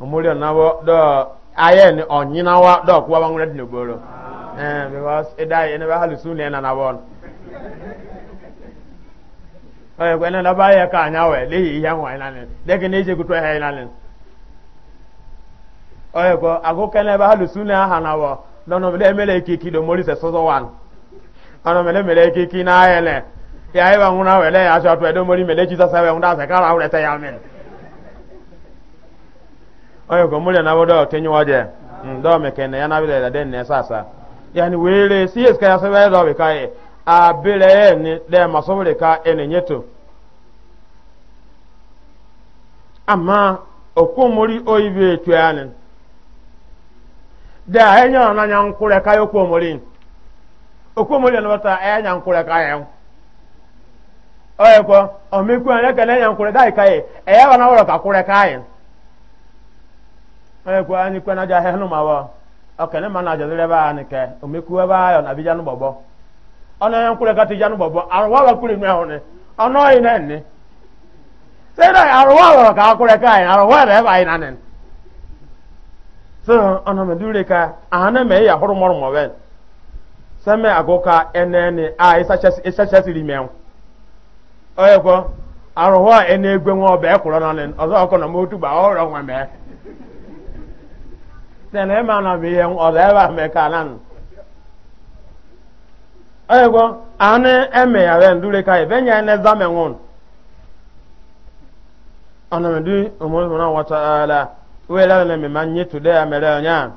omuri na wo do ayen onyina wa do kwa wanwure din ogboro ah. eh because edai eh, ene eh, ba halusu ne na na won oye eh, kwene na ba ya ka anya we le yi ya nwa na ne de ke ne je kuto ha na ne oye ko agoke ne ba halusu ne ha na wo no no de mele ikiki do mori se sozo wan ano mele mele ikiki na ayele ya iwa nguna wele ya shatu edo mori mele chisa sawe ngunda se kara ure te ya men oyo ko mule na bodo tenyu waje ndo me kene ya na bile da den ne sasa yani wele si eska ya sawe do be kai a bile dị e, de masobule ka ene nyeto amma okwomori oyibe etu ani da enya na nya nkure kai okwomori okwomori e na bata enya nkure kai oye ko omiku ene kele yan kure dai kai e ya na ka kure kai oye ko ani ko na ja he no ma na o ma na ja dere ba ni ke omiku ba na bija no bobo ona yan kure ka ti ja no bobo arwa wa kure mi ahone ona yi na ni se na arwa ka kure kai arwa be ba na ni so ona me dure ka ana me ya horo mor mo ben sɛmɛ agoka ɛnɛni na oyekwo arụhụ a na-egwe nwa ọba naanị, ọzọ ọkọ na motu gba nwa mee sene ma na ihe ọzọ ebe a mee ka nanị oyekwo anị emegharị ka ebe nye ne zame nwụn wee na mmemme nye tude ya mere onyaa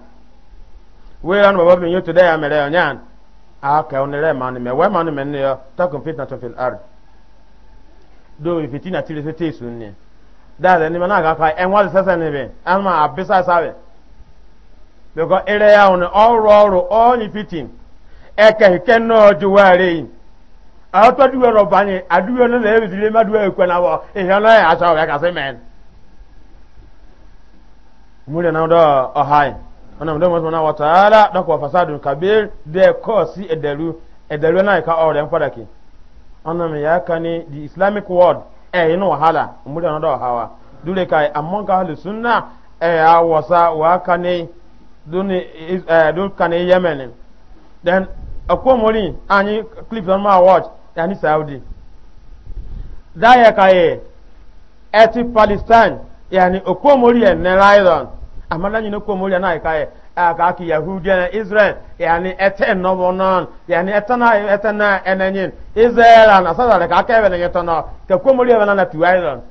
wee na baba bụ nye tude ya mere wee ma nne ya na do we fitina tire te sunne da ni mana ga fa en wa se ne be an ma abisa sabe ere ya on oro oro only fitin e ke ke no ju wa yi a to du ro ba ni adu na le bi dile ma du e na wo e ya ka se men mure na do o hai ona mdo na wa taala da ko fasadun kabir de ko si na ka o re en fadaki ana ya kani di islamic world e eh, yin wahala umuri na da hawa dure kai amma ka ahli sunna e eh, ya wasa wa kani duni eh dun kani yemen then akomori anyi clip on my watch yani saudi da ya kai eti palestine yani okomori en ne raidon amana nyi okomori na kai aka ki na israel yani ete nobo non yani etana na enenyin israel na sada ka ka bene yetono ka ko muri bana na tuwaidon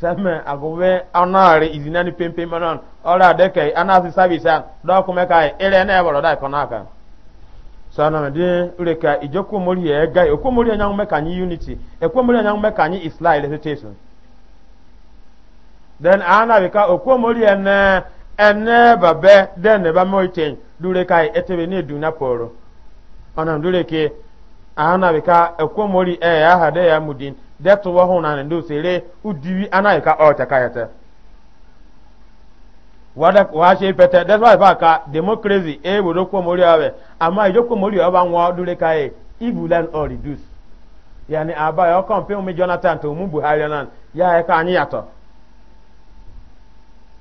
same agobe anare izinani pempe manon ora de kai anasi service do ko me kai ere na eboro dai kono aka sana me de ure ka ijoku muri e ga e ko muri anyan me kanyi unity e ko muri anyan me kanyi israel hesitation then ana we ka okomori ene ene babe dene ba moiten dure kai etebe ne duna poro ona dure ke ana bika ekomori e ya hade ya mudin detu wa hona ne do sere udiwi ana ka ota kayata wada wa she pete that's why ba ka democracy e woro komori awe ama ijo komori aba nwa dure kai ibulan or reduce yani aba ya kon pe mi jonathan to mu buhari nan ya e ka anyi yato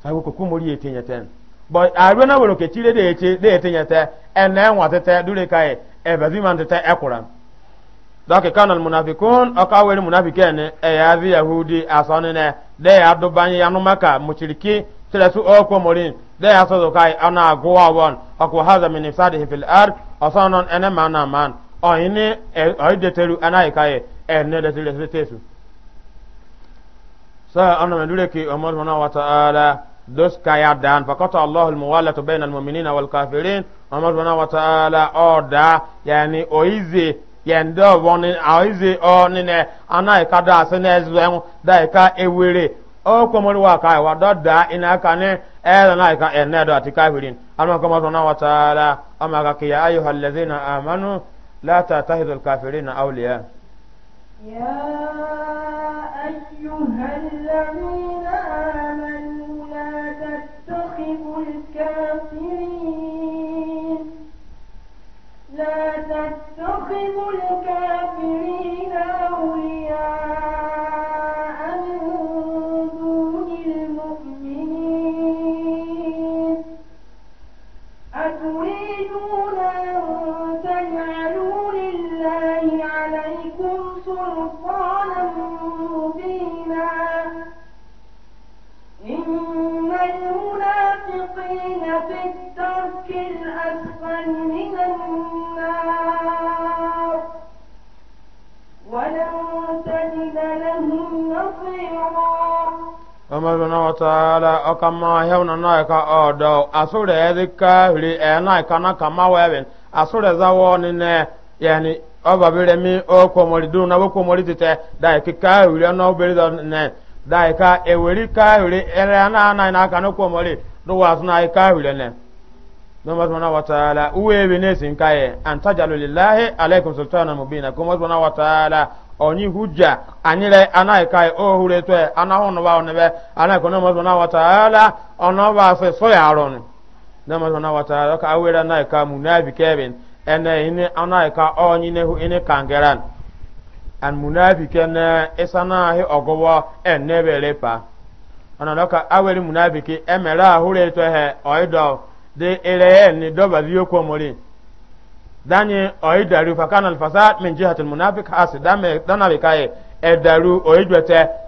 sago koko mori ye tenya ten bo arwe ah, na woro ke chire de eche de tenya te en na tete dure kai e ba bi man tete ekura dake kanal munafikun aka wele munafiken e ya bi yahudi asone ne de ya do ban ya no maka muchiriki tira su oko mori de ya so kai ana agwa won akwa hadha min ifsadihi fil ard asanon ene mana man o ini e, o deteru ana kai en ne de tira su tesu sa anna medure ki amon wa ta'ala dos kaya dan fakata allah al muwalatu bayna al mu'minina wal kafirin amar bana wa ta'ala oda yani oize yende woni oize onine ana ikada asene ezwen da ika ewere o komori wa kai wa doda ina kane ela na ika ene do atikafirin amma kama bana wa ta'ala amma ka ya يا أيها الذين آمنوا لا تتخذوا الكافرين لا تتخذوا الكافرين أولياء قوما من النار ولن تجد لهم نصيرا أما سبحانه وتعالى أكما يهون نايكا أودو أسود يذكا لي نايكا ناكما ويبن أسود زوان يعني ọba bere mi o komori dun na wo komori ka anaghị nọmba sọmọna wataala uwe ebe esi nka ye antajalu lillahi alaikum na mubina kuma sọmọna wataala onyi hujja anyere anaghị ka o hure to ye anahụ nọba onebe anaghị ka nọmba sọmọna wataala ọnọba asị wataala ka awere anaghị ka munafi kevin ene ine anaghị ka onyi ine kangeran an na hure to de eleyen ni doba biyo ko mori Dani oyi daru fakana fasa min jihati almunafiq hasi dame dana be kai e daru oyi bu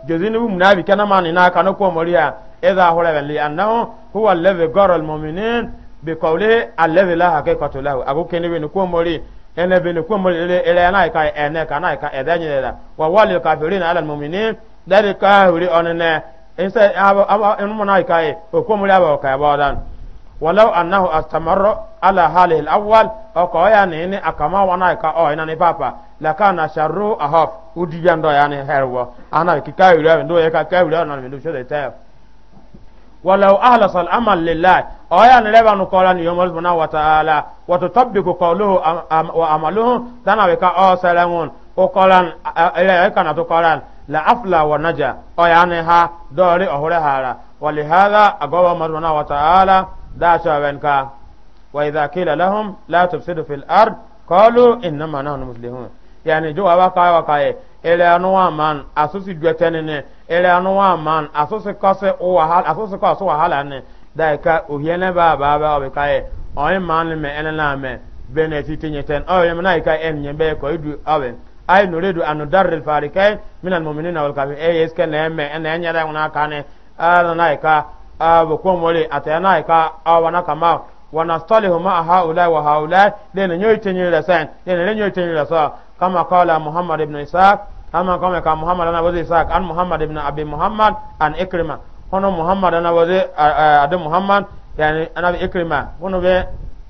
na kana ko mori ya idha hura li annahu huwa alladhi ghara almu'minin bi qawlihi alladhi la ene be ni ko mori ele na kai ene kana kai la wa ala dari walau annahu astamarra ala halihi al-awwal o ko ya ne ni akama wana ka o oh, ina ni papa la kana sharru ahaf udi ya ndo ya ni herwo ana ki ka yura ndo ya ka ka yura na ndo shode ta walau ahlasa al-amal lillah o oh, ya ne leba no kola ni yomo subhanahu wa ta'ala wa tutabbiqu qawluhu wa amaluhu tana we ka o oh, salamun o kolan ila eh, eh, eh, kana to kolan la afla wa naja o ya ne ha dori o hore hara ولهذا أقوى الله سبحانه da shawen ka wa idza qila lahum la tufsidu fil ard qalu innama nahnu muslimun yani jo wa ka wa kae ele anu wa man asusi dwetene ne ele anu wa man asusi kase o wa hal asusi kase wa hala ne da ka o hiene ba ba ba o kae o man me ene na me bene titinye ten o ye na ka en nye be ko idu awen ay nuridu an nudarril farikain min al mu'minina wal kafirin e yesken ne ene nyara una kane ala na ka A abokomole atayana ka awana kama wanastalihu ma haula wa haula dena nyoy tenyira san dena le nyoy tenyira sa kama qala muhammad ibn isaq kama kama ka muhammad ana wazi isaq an muhammad ibn abi muhammad an ikrima hono muhammad ana wazi adu muhammad yani ana bi ikrima hono be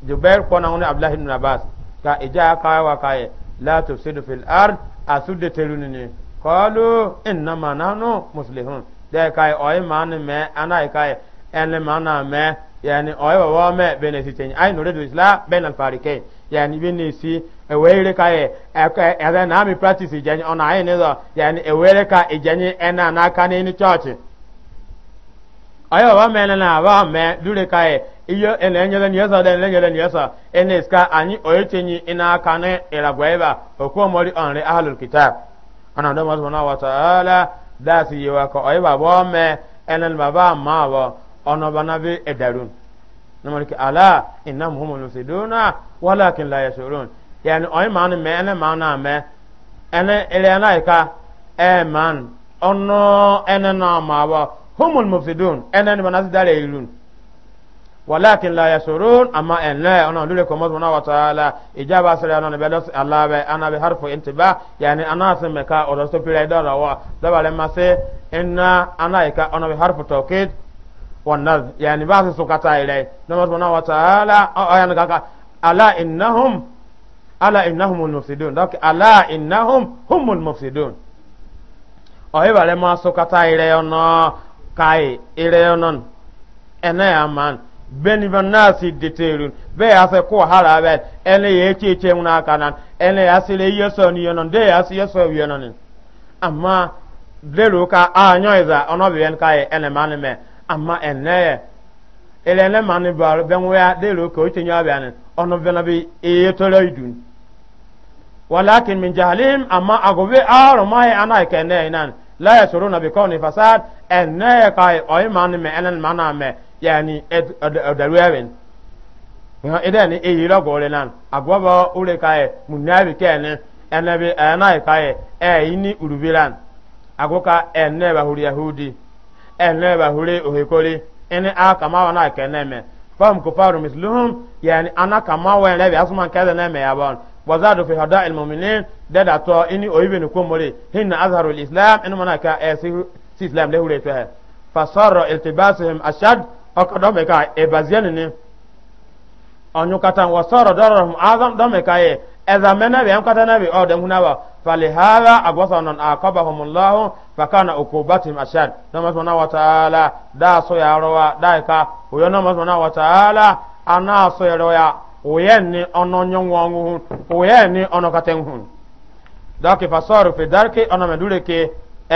jubair kona hono abdullah ibn abbas ka ija ka wa kaye la tufsidu fil ard asudde telunini qalu innama nahnu muslihun de kai oyi man me anai kai ene mana me yani oyi wa wa bena bene sitin ai no redu isla ewere ka e aka e e na practice jenye ona ne ewere ka ejenye ena na aka ne ni church oyi wa na wa me dure ka iyo ene enyere ni enyere ni anyi oyi ina aka ne daasi yiwa ko oyi ba bo me enen ba ba ma bo ono bana bi edarun namar ki ala innam humul mufsiduna walakin la yashurun yani oyi man me ene ma na me ene ele na e ka e man ono ene na ma bo humul mufsidun enen bana dare irun walakin la yasurun amma en la ona dole ko mo na wa taala ijaba sare ona ne bedos allah be ana be harfu intiba yani ana se me ka odo so pira do wa da bale ma se inna ana ka ona be harfu tawkid wan naz yani ba su kata ile no mo na wa taala ayan ka ka ala innahum ala innahum mufsidun dak ala innahum humul mufsidun o he bale ma so ile ona kai ile onon ene aman beni ban nasi deterun be ya se ko hala be ene ye che che mun aka nan ene ya se le yeso ni yonon de ya se yeso wi yonon amma lelo ka anyo iza ono be en kai ene mani me amma ene ele ene mani ba be nwe ya lelo ko che nya be an ono be na be e to le idun walakin min jahalim amma agobe aro mai ana ke ne nan la yasuruna bi kawni fasad ene kai o imani me ene mana me yani adaruwen nga idan e yira gore nan agwaba ure kae munabi kene enabi ana kae e ini urubiran agoka enne ba huri yahudi enne ba huri ohekori ene a kama wana keneme fam kufaru misluhum yani ana kama wa lebi asuma kaza neme yabon wazadu fi hada al mu'minin dada to ini oyibe ni komore hinna azharu al islam inu manaka e si islam le hure to he ashad ọkọdọmẹ ka ẹbaziẹni e ni ọnyukata wọ sọrọ dọrọ azam ezame ka yẹ ẹzamẹnẹ bẹ ẹnkata nẹ bẹ ọdẹ ŋuna wa falihara agbọsọ nọn akọba homulahu fakana okubatim ashan nọmọsọ na wataala daa so yaarọ wa daa ka oyọ na wataala ana so yaarọ ya oyẹn ni ọnọ nyọnwọ ŋuhun oyẹn ni ọnọ kata ŋuhun dọki fasọrọ fi darki ọnọmẹdure ke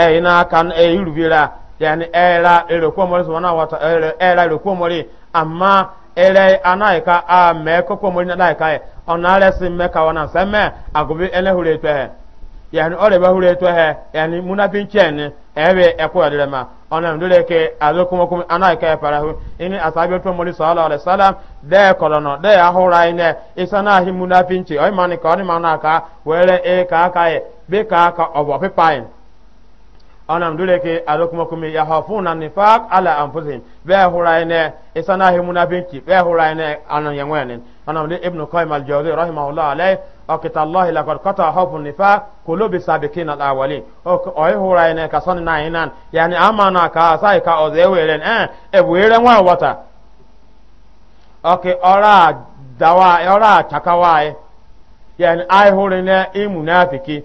ẹyina e kan ẹyiruvira. E yani era erokwo mori subhanahu wa ta'ala era erokwo mori amma ele anaika a me kokwo mori na daika e onare si me ka wana seme agobi ele hure to he yani ore ba hure to he yani munafin chen ebe ekwo dere ma ona ndule ke azokwo kum anaika e parahu ini asabi to mori sallallahu alaihi wasallam de kolono de ahura ine isana hi munafin chi oy mani ka oni manaka were e ka aka e be ka aka obo pipain anam dole ke ado kuma kuma ya hafuna nifaq ala anfusihim be hurayne isana he munafiki be hurayne anan yangwene anam le ibnu qayyim al-jawzi rahimahullah alayh akita allah laqad qata hafu nifaq qulubi sabiqin al-awwalin o he hurayne ka son na inan yani amana ka sai ka ozewelen eh e were nwa wata okay ora dawa ora takawae yani ai hurine imunafiki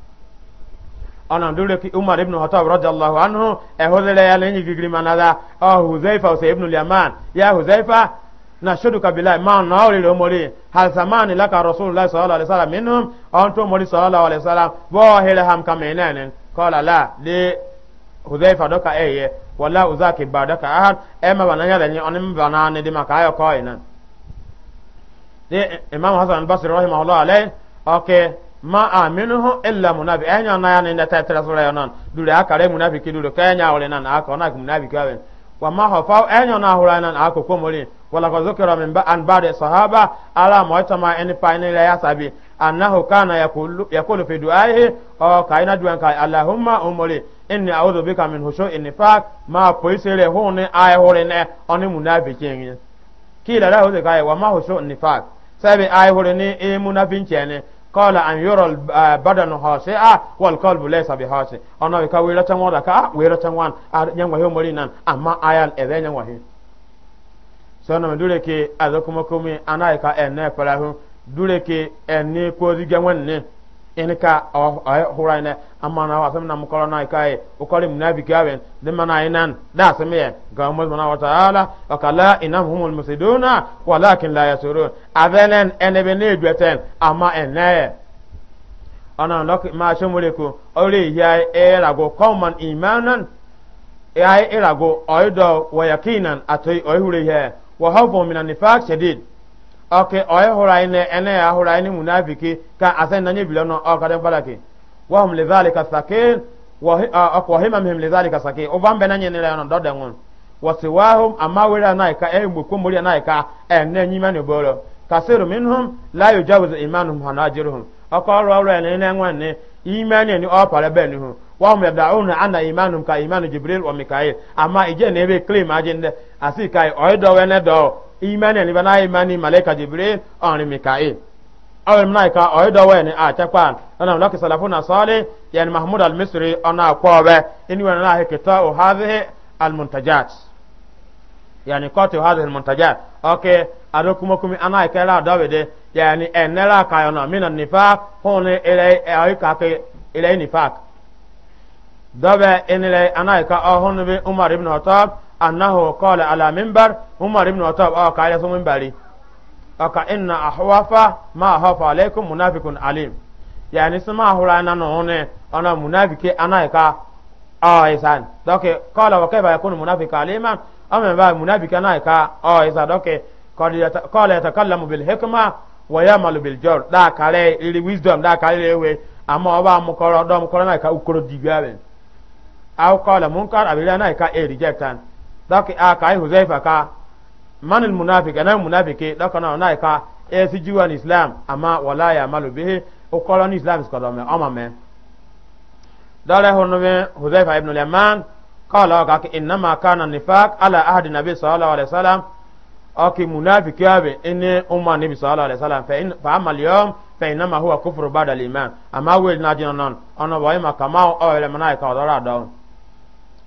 ana dole ki umar ibn khattab radiyallahu anhu e hozele ya lenyi gigri manada o ah, huzaifa usay ibn al-yaman ya huzaifa nashuduka billahi ma nawli lomori hal zamani laka rasulullah sallallahu alaihi wasallam minhum antu mori sallallahu alaihi wasallam bo hele ham kamenenen qala la li huzaifa doka eye wala uzaki badaka ahad ema bananya lenyi onim banane di makayo koinan de imam hasan basri rahimahullah alaihi okay ma aminuhu illa munafi enya eh, na yana inda taitira sura yana dure akare re munafiki dure ka enya awre nan aka ona munafiki awen wa ma hafa enya eh, na hura nan aka ko mori wala ka zukira min ba an ba'da sahaba ala mu'ta ma en fa ni la yasabi annahu kana yaqulu yaqulu fi du'aihi o ka ina du'an ka allahumma umri inni a'udhu bika min hushu'i nifaq ma poisere hone ay hore ne oni munafiki en kila la hore ka wa ma hushu'i nifaq sabe ay hore ni e munafiki ne kọ́ọ̀lá an yọrọ badan hɔɔse a wɔl kɔl bu lɛsa bi hɔɔse ɔnà wika wéèrè tán wọn daka a wéèrè tán wọn a nyɛ ŋmahi omori nan ama ayal ɛdɛ nyɛ ŋmahi sɔɔnam dure ke azokumakumi ana yi ka ɛnɛ kpɛlɛ ho dure ke ɛni kóozi gɛŋwɛn ne in ka hura ne amma na wasan na mukoro na kai ukori munafiki aben din mana inan da samiye ga mu mana wa ta'ala wa kala inahumul musiduna walakin la yasurun ene enebe ne dweten amma eneye ana lok ma shemure ko ore ya erago common imanan ya erago oido wa yakinan atoi oihure he wa hafu minan nifaq shadid oke oye na ene ya huraine munafiki ka asen nanye bilono o wa hum lidhalika sakin wa akwa hima mihim e mbu ko muri naika enne na eh, eh, ne boro kasiru minhum la yujawizu imanuhum hanajiruhum akoro oro ene ne nwanne imani ịnụ o pare be ni hu wa hum yabda'una anna imanuhum ka imanu jibril na imani ni bana imani malaika jibril on mikail awe mnaika oyi dowe ni a chekwan ana mlaki salafuna sali yani mahmud al misri ona kwawe ini wana lahi kita u hadhihi al muntajat yani kote u hadhihi al muntajat okay ado kuma kumi ana ikela dowe de yani enela kayona mina nifak hone ile e, ayi kake ile nifak dowe inile ana ika ohunbi umar ibn khattab annahu qala ala minbar umar ibn khattab aw ka yasu minbari aka inna ahwafa ma hafa alaikum munafiqun alim yani sama hura na no ne ana munafiki ana ka ah isan doke qala wa kayfa yakunu munafiqan aliman amma ba munafiki ana ka ah isan doke qala yatakallamu bil hikma wa yamalu bil jawr da kare iri wisdom da kare ewe amma oba mukoro do mukoro na ka ukoro digabe aw qala munkar abira na ka e rejectan dɔki a ah, kai huzaifa ka man al munafiq ana munafiki dɔka na na ka e si jiwa ni islam ama wala ya malu bihi o kɔlɔ ni islam skɔdɔ mɛ ɔma mɛ dɔlɛ hono mɛ huzaifa ibn al-yaman kɔlɔ ka ki innama kana nifaq ala ahdi nabi sallallahu alaihi wasallam ɔki munafiki abe ene umma nabi sallallahu alaihi wasallam fa in fa amal yawm fa innama huwa kufru ba'da al ama wel na jinan non ono wa ima kama o wele ka dɔra dɔn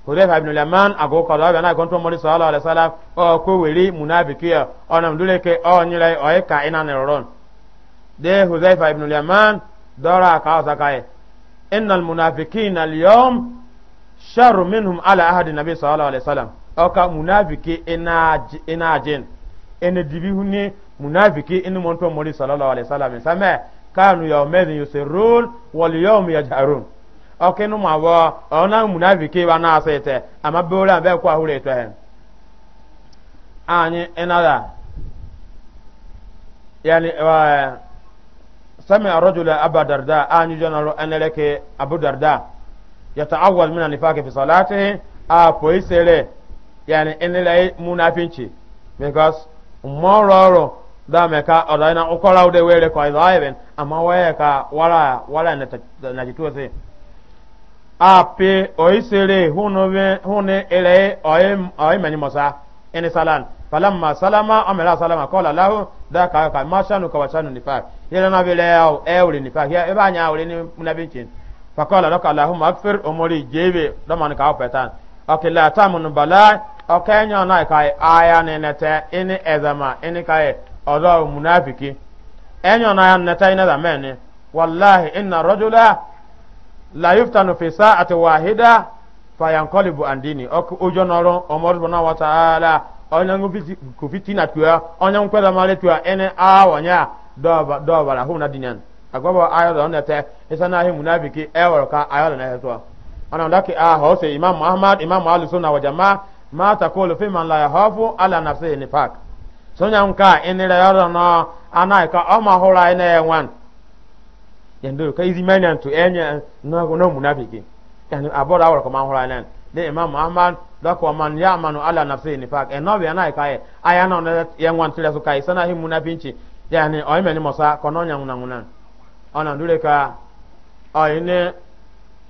hudayfa ibn laman ago kɔdɔ bɛ na gɔntɔ mɔri sɔɔlɔ alɛ sala ɔ ko weli munafikiya ɔnam dule ke ɔ nyilɛ ɔ ye ka ina ne rɔrɔn de hudayfa ibn laman dɔra a kaa saka ye innal munafikina liyɔm sharu minhum ala ahadi nabi sɔɔlɔ alɛ salam ɔ ka munafiki ina ina jin ene dibi ni munafiki ina mɔntɔ mɔri sɔɔlɔ alɛ salam samɛ kanu yawmɛdin yusirun wal yawm yajharun oke nu mawo ona munafiki ba na asete ama bola be kwa hure to hen anyi enada yani wa uh, sami arrajul abu darda anyi jonalo eneleke abu darda yata'awwal mina nifaqi fi salatihi a sere yani enele munafinchi because moro da me ka odaina ukola ude wele kwa idhaibin ama weye ka wala wala na jituwe ape oisere hunove hune ele oim oimeni mosa ene salan falamma salama amela salama kola lahu da ka ka mashanu ka wachanu nifa yele na vile yao euli nifa ya ebanya uli ni munabinchin fakola loka allahumma akfir umuri jebe doman ka opetan okay la tamun bala okay nyo na kai e aya ne nete ini ezama ini kai e odo munafiki enyo na nete ina zamene wallahi inna rajula la yuftanu fi sa'ati wahida fa yanqalibu an dini ojo noro omor bona wa ta'ala onya ngu ku fitina tuya kwela male tuya ene doba doba la huna dinan agbaba ayo da onete isana hi munafiki ewor ka ayo na heto ana ndaki a ho se imam imam sunna wa jamaa ma taqulu fi yandoro ka izi manya to enya na no munafiki yani abora awra kuma hura nan de imam ahmad da ko man ya manu ala nafsi ni fak en nabi anai kai aya na ne yan wan tire su kai sana hi munafinci yani o imeni mosa ko no nya nguna nguna ona ndure ka o ine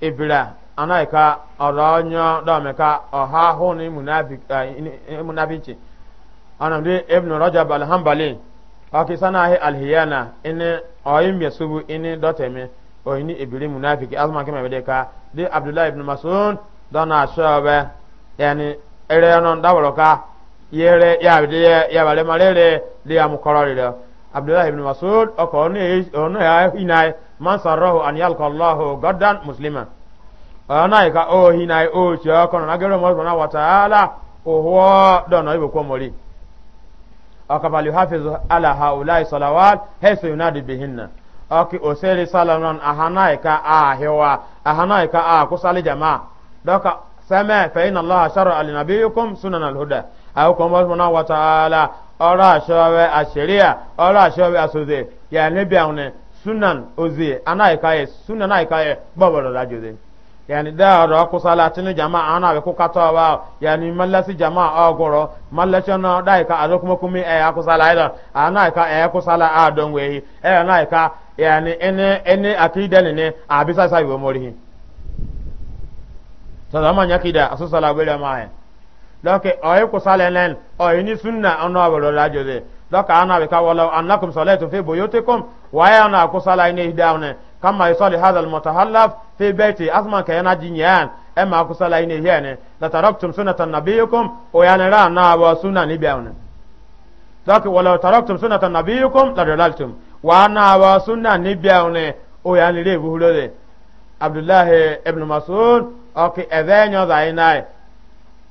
ibra anai ka oronyo do me ka o ha hu ni munafiki munafiki ona ndure ibn rajab al hanbali ɔke sana ahe alhiyana ene ɔyim ya subu ene dɔtɛme ɔyini ebiri munafiki azuma kema bɛ ka de abdullahi ibn mas'ud dɔna asɔbɛ yani ere yɔnɔ dawolo ka yere yabide yɛ yabale malere de ya mukɔrɔ de dɔ abdullahi ibn mas'ud ɔkɔ ɔne ɔne ya hinai man sarrahu an yalqa allah gadan muslima ɔna ka o hinai o tiɔ kɔnɔ na gero mo na Wata ta'ala o ho dɔna ibo ko mori أو كما يحافظ على هؤلاء الصلوات حيث ينادي بهن أوكي أسيري صلوان أهنائك آه هو أهنائك آه كسالي جماعة دوكا سمع فإن الله شرع لنبيكم سنن الهدى أو كما سبحانه وتعالى أرى شوى الشريعة أرى شوى السوزي يعني بيعني سنن أزي أنائك سنن أنائك بابا رجل yani da ro ku salatinu jama'a ana be ku katowa yani mallasi jama'a ogoro mallasi no dai ka ado kuma kumi e ku salaida ana ka e ku sala a don wehi e ana ka yani ene ene akida ne a bisa sai we morihi to da man yakida asu sala bele mai doke oyi ku sala nen oyi ni sunna ono abolo lajo de doka ana be ka wala annakum salatu fi buyutikum wa ya na ku sala ne hidawne kama yusali hadha almutahallaf fi baiti asman ka yana jinyan e ma kusala ine hene la taraktum sunatan nabiyikum o yana ra na wa sunna ni biawne wala taraktum sunatan nabiyikum la dalaltum wa na wa sunna ni biawne o yana re buhulode abdullah ibn mas'ud o ki ezenyo zainai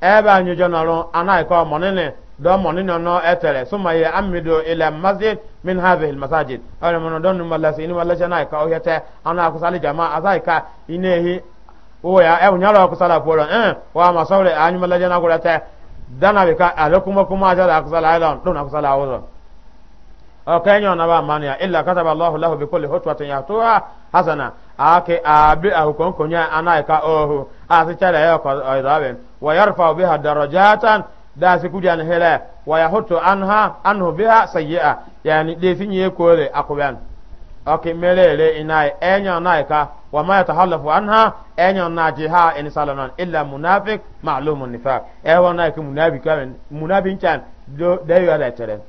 e ba nyu jonaro anai ko monene don mo nino no etere suma ya amido ila masjid min hadhihi al masajid ala mo don no mallasi ni mallasi na ka o yete ana ku sali jamaa azai ka inehi o ya e nyaro ku sala poro eh wa ma sawre anyu mallasi na gurata dana be ka alakuma kuma ajala ku sala ilon don ku sala wozo o kenyo na ba mania illa kataba allah lahu bi kulli hutwatin yatuha hasana ake abi ahukon konya ana ka ohu asichara ya ko idaben wa yarfa biha darajatan da se kudi na hela wa ya hoto an ha an biha sayyi'a yani de fin ye kore akuban ok melele ina enya na ka wa ma yatahallafu anha enya na jiha in salanan illa munafiq ma'lumun nifaq e wa na ka munafiq kan munafin chan do da ya da tare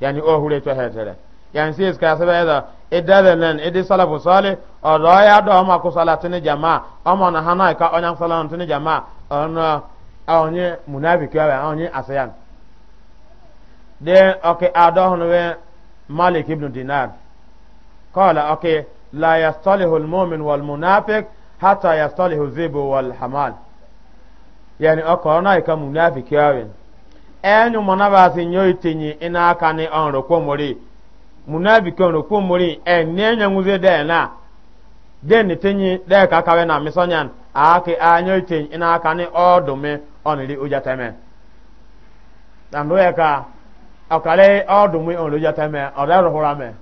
yani o hure to ha tare yani sai ska sabai da idada nan idi salafu salih o do ya do ma ku salatin jama'a o ma na hana ka onya salatin jama'a ona onye munafiki wa onye asayan de oke adohun we malik ibn dinar qala oke la yastalihu almu'min wal munafiq hatta yastalihu zibu wal hamal yani oko na ika munafiki wa enyu monaba si nyoitinyi ina aka ni onro kwomori munafiki onro kwomori enenye nguze de na de ni tinyi de ka kawe na misonyan ake anyoitinyi ina aka ni odume oniri Na dando ya ka akale odumi oniri ujateme odaru hurame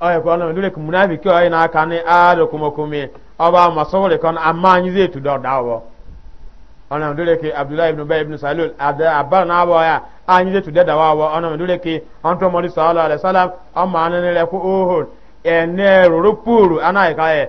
oye ko no ndure kumunabi ke oye na aka ni alo kumokumi oba masore kon amanyi zetu do dawo ona ndure ke abdullahi ibn ibn salul na ya anyị etu ene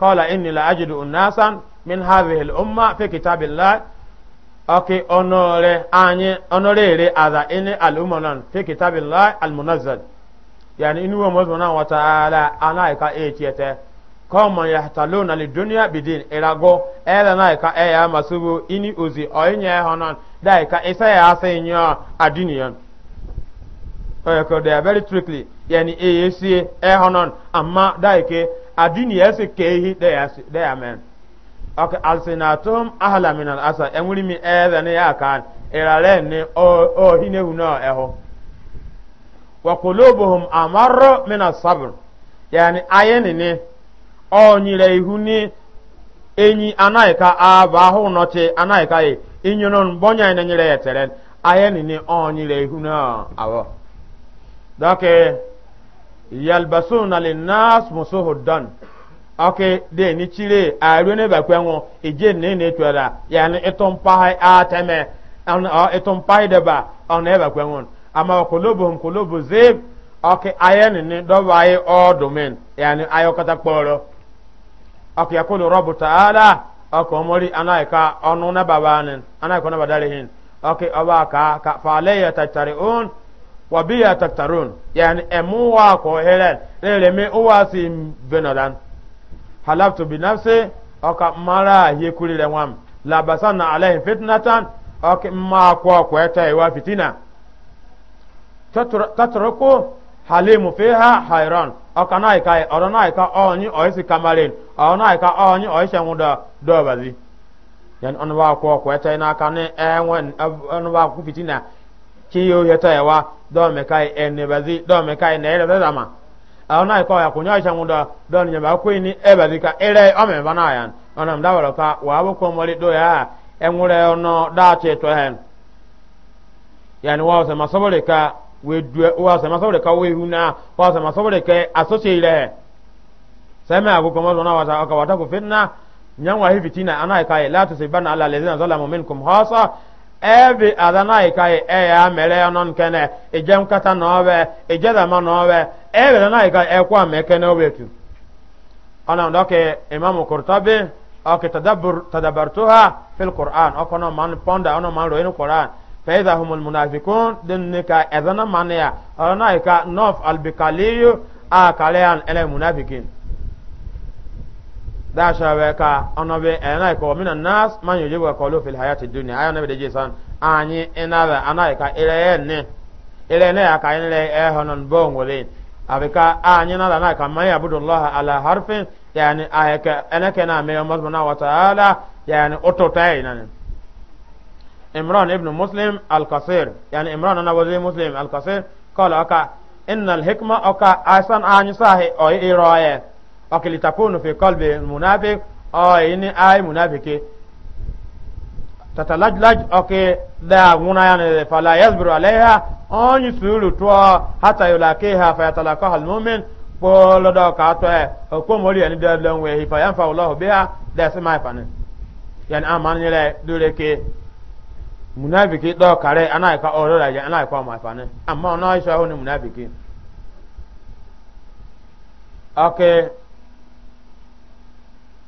قال إني لا أجد أناسا من هذه الأمة في كتاب الله أوكي أنوري أني أنوري لي هذا إني الأمة في كتاب الله المنزل يعني إنه مزمنا وتعالى أنا إكا إيتيته kọ́mọ yàtàlónà lè dúnìá bìdín ìragọ́ ẹ̀rọ náà ìka ẹ̀yà màsúwò ìní òzì ọ̀yìnyẹ ẹ̀họ́ náà dá ìka ìsẹ́ yà ásẹ́ ìyẹn àdínìyàn. ọ̀yọ̀kọ̀ dẹ̀ very strictly yẹni èyí sí ẹ̀họ́ e náà àmà dá ìke adini ya se kehi da ya men ok alsinatum ahla min alasa enwuri mi ebe ne ya kan irare ni o hine huna eho wa qulubuhum amarra min as-sabr yani ayeni ni onyire ihu ni enyi anaika aba hu noche anaika e inyonon bonya ne nyire yeteren ayeni ni onyire ihu na awo doke yalbasuna linnas musuhuddan ok de ni chire aru ne ba kwenwo ije ne ne twara yani iton pahai ateme an iton pahai de ba on ne ba kwenwo ama qulubuhum qulubu zib ok ayen ni do ayo kata kporo yakulu na babanin na wabiya taktarun yani emu wa ko helen lele mi o wa si benodan halaftu bi nafsi ka mara ye kuri le wam la basanna alaihim fitnatan aka ma ko ko eta wa fitina tatruku halimu fiha hayran aka nai kai orona ka onyi oisi kamarin orona ka onyi oisi ngudo do bazi yani onwa ko ko eta na ka ne enwen onwa ku fitina kiyo yata yawa don me kai enne bazi don me kai na ele dama awon ai ko ya kunya sha munda don nyamba ko ni e bazi ka ele o me bana yan onam da wala ka wa bu ko mori do ya enwure ono da che to hen yani wa se masabore ka we du wa se masabore ka we huna wa se masabore ka asoche ile sema abu ko mori na wa ta ka wa ta ku fitna nyanwa hivi tina anai kai la tusibana ala lazina zalamu minkum hasa ebe adana ikai e ya mere ya non kene ije mkata na obe ije da ma na obe ebe adana ikai e kwa me kene obe tu ana ndoke imam qurtubi ake tadabbur tadabbartuha fil qur'an akono man ponda ono man royin qur'an fa idha humul munafiqun dinnika adana man ya ana ika nof albikaliyu akalean ele munafiqin da shawe ka ono be ena iko mina nas man yoje ko kolo fil hayati dunya ayo ne de san anyi ina la ile ne ile ne aka ile e bongo le abika anyi na na ka may abdullah ala harfin yani ayaka ana kana me mazmuna wa ta'ala yani ototai nan imran ibn muslim al-qasir yani imran ana wazi muslim al-qasir qala aka innal hikma aka asan anyi sahi o iroye akilitakunu fi kalbi munafik o ini ay e, e, munafiki tatalajlaj oke da nguna yana e, fala yasbiru alaiha onyi suru to hata yulakiha fa yatalaka almu'min polo do ka to e ko mori ani da lon we hi fa fa allah biha da sima fa ne yan aman ni le dure ke munafiki do kare ana ka oro da ya ana ka ma fa ne amma ona isha ho ni munafiki oke okay.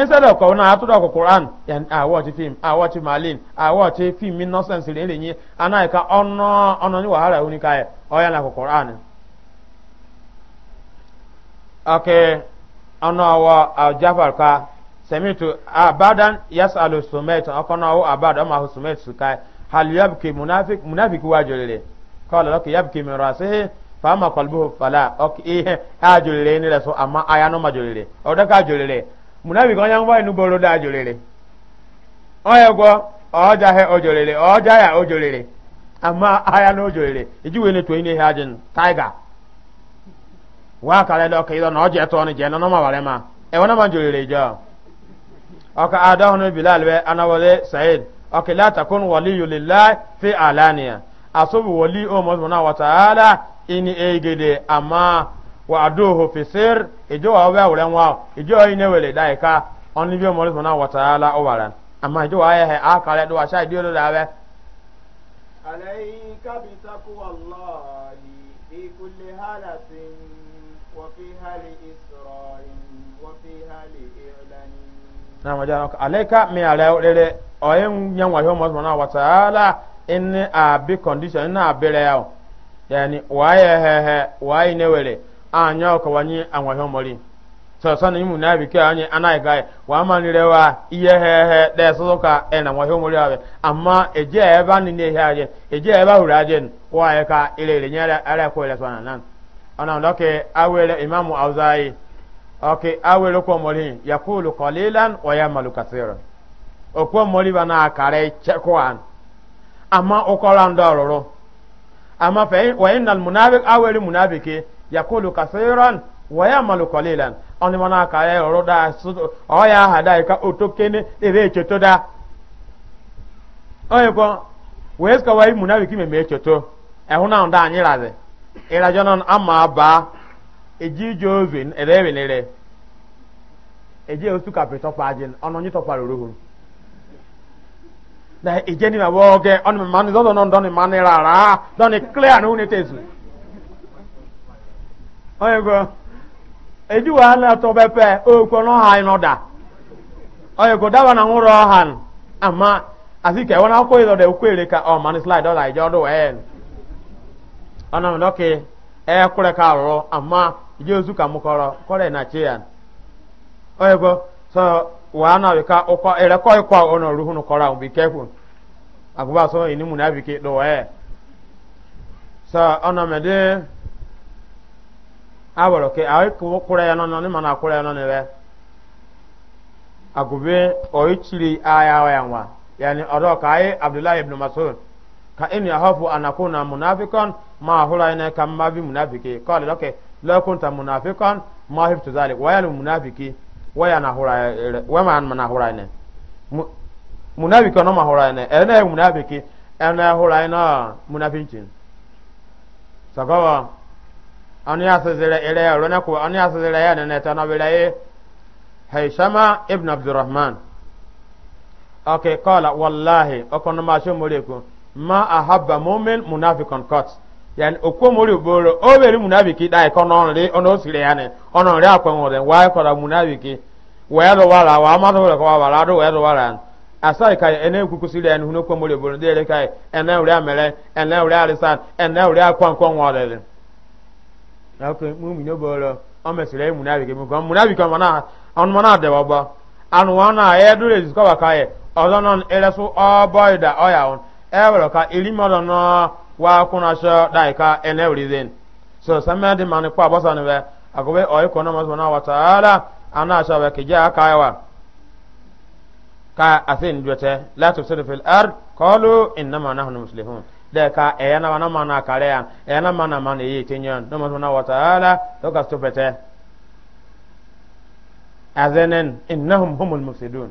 instead of kọ̀wé náà àtúndọ̀ kọ̀ quran àwọ̀tí film malin àwọ̀tí film mi nọ́sẹ̀nsì rẹ̀ lè yín aná ìka ọ̀nà ọ̀nà ní wàhálà ìwé níka ẹ̀ ọ̀yà náà kọ̀ quran. ọ̀kẹ́ ọ̀nà ọ̀wọ̀ àjàfàr ká sẹ̀mìtù àbádán yẹ́sà àlò sùmẹ́tì ọkọ̀ náà ọ̀wọ̀ àbádán ọmọ àwọn sùmẹ́tì sùkà hàlù yabùkì munafik wájú rẹ̀ ihe so munafik onye ngwa enugoro da ajolere onye gwọ ọjaghe ojolere ọja ya ojolere ama ahịa na ojolere iji wee netuo ihe ha jin taiga wa kala da ọka ịdọ na ọja etu ọnụ jee nọ n'ọma wale ma ewe na ma njolere ije ọka adahunu bilal we anawale said ọka la takun wali yulillah fi alaniya asubu wali o mọzmuna wa ta'ala ini egede ama wa aduhu fi sir ijo wa wa wulan wa ijo yi ne wele dai ka on bi mo subhanahu wa ta'ala o waran amma ijo wa ya he akale do asha idio da we alayka bi taqwallahi fi kulli halatin wa fi hali isra'in wa fi hali i'lanin na ma jara alayka mi ala rere oyin yan wa mo subhanahu wa ta'ala in a big condition na bere ya yani wa ya he he wa ne wele anya ko wanyi anwa homori so sana imu na bi ke anyi anai gai wa ma ni rewa iye he he de so ka e na wa homori ave amma eje e ba ni ne haje eje e ba huraje wa e ka ile ile nyara ara ko ile sana nan ana ndoke awele imamu auzai okay awele ko mori yakulu qalilan wa yamalu kaseeran okwo mori bana akare chekwan amma okola ndororo amma fa wa innal munafiq awele munafiki yakulu kasiran wa ya'malu qalilan oni mana ka ya ro da su o ya ha da ka otokene ere cheto da oye ko we ska wa imu na wiki me me cheto e hu na onda anyi raze ira jonon ama aba eji jo ozi ere we nere eji osu ka pe to pa jin ono nyi to pa ro ro na eje ni ma wo ge oni ma ni zo no ndo ni ma ni rara do ni clear no ni onye go eji na to bepe okwo no ha inoda onye go dawa na nwụrụ ọhan ama asị ka e wọn akwụkwọ ịzọ dị ere ka oh, eh. ọ manụ slaịd ọla ije ọdụ wee ọ na mmadụ ka e kwere ka arụrụ ama ije ozu ka mụ kọrọ kọrọ na chi ya onye go so waa na wika ụkọ erekọ ịkwa ọnụ ọrụ hụnụ kọrọ ahụ bụ ikekwu agụba eh. so ịnụ na abike dụ wee ọ na mmadụ awaro ke ayi kura ya nono ni mana kura ya nono be agube oyi chiri aya wa yanwa yani odo ka ayi abdullahi ibn mas'ud ka inni ahafu an Anakuna munafiqan ma hula ina kam ma bi munafiki qala lake la kunta munafiqan ma hiftu zalik wa yana munafiki wa yana hura wa man mana hura ina munafiki no ma hura ina ene munafiki ene hura ina munafikin sagawa ani asizire ile rona ko ani asizire ya ne ta na bilaye hayshama ibn abdurrahman okay qala wallahi okon ma sho more ko ma ahabba mu'min munafiqan qat yani okwo mori boro o beri munafiki dai ko no re ono sire ya ne ono re akwa won re wa ko ra munafiki wa ro wala wa ma do ko wa ra do wa ro wala asai kai ene kuku sire ya ne huno ko mori boro de re kai ene uri amere ene uri arisan ene uri akwa kon wa re ko mumi no boro o mesere munabi ke emu ko munabi ko mana on mana de baba an wana e dure zisko ba kae ozo non ele so o boy da o ya on e ka iri mmadụ no wa kuna sho dai ka ene wrizin so sama de man ko abosa ne be agobe o ko no maso ana sha ba ke wa ka asin duete la tufsidu fil ard qalu innama nahnu deka eyana wana mana kaleyan eyana mana mana yi tinyon no mo na wata ala to ka stupete azenen innahum humul mufsidun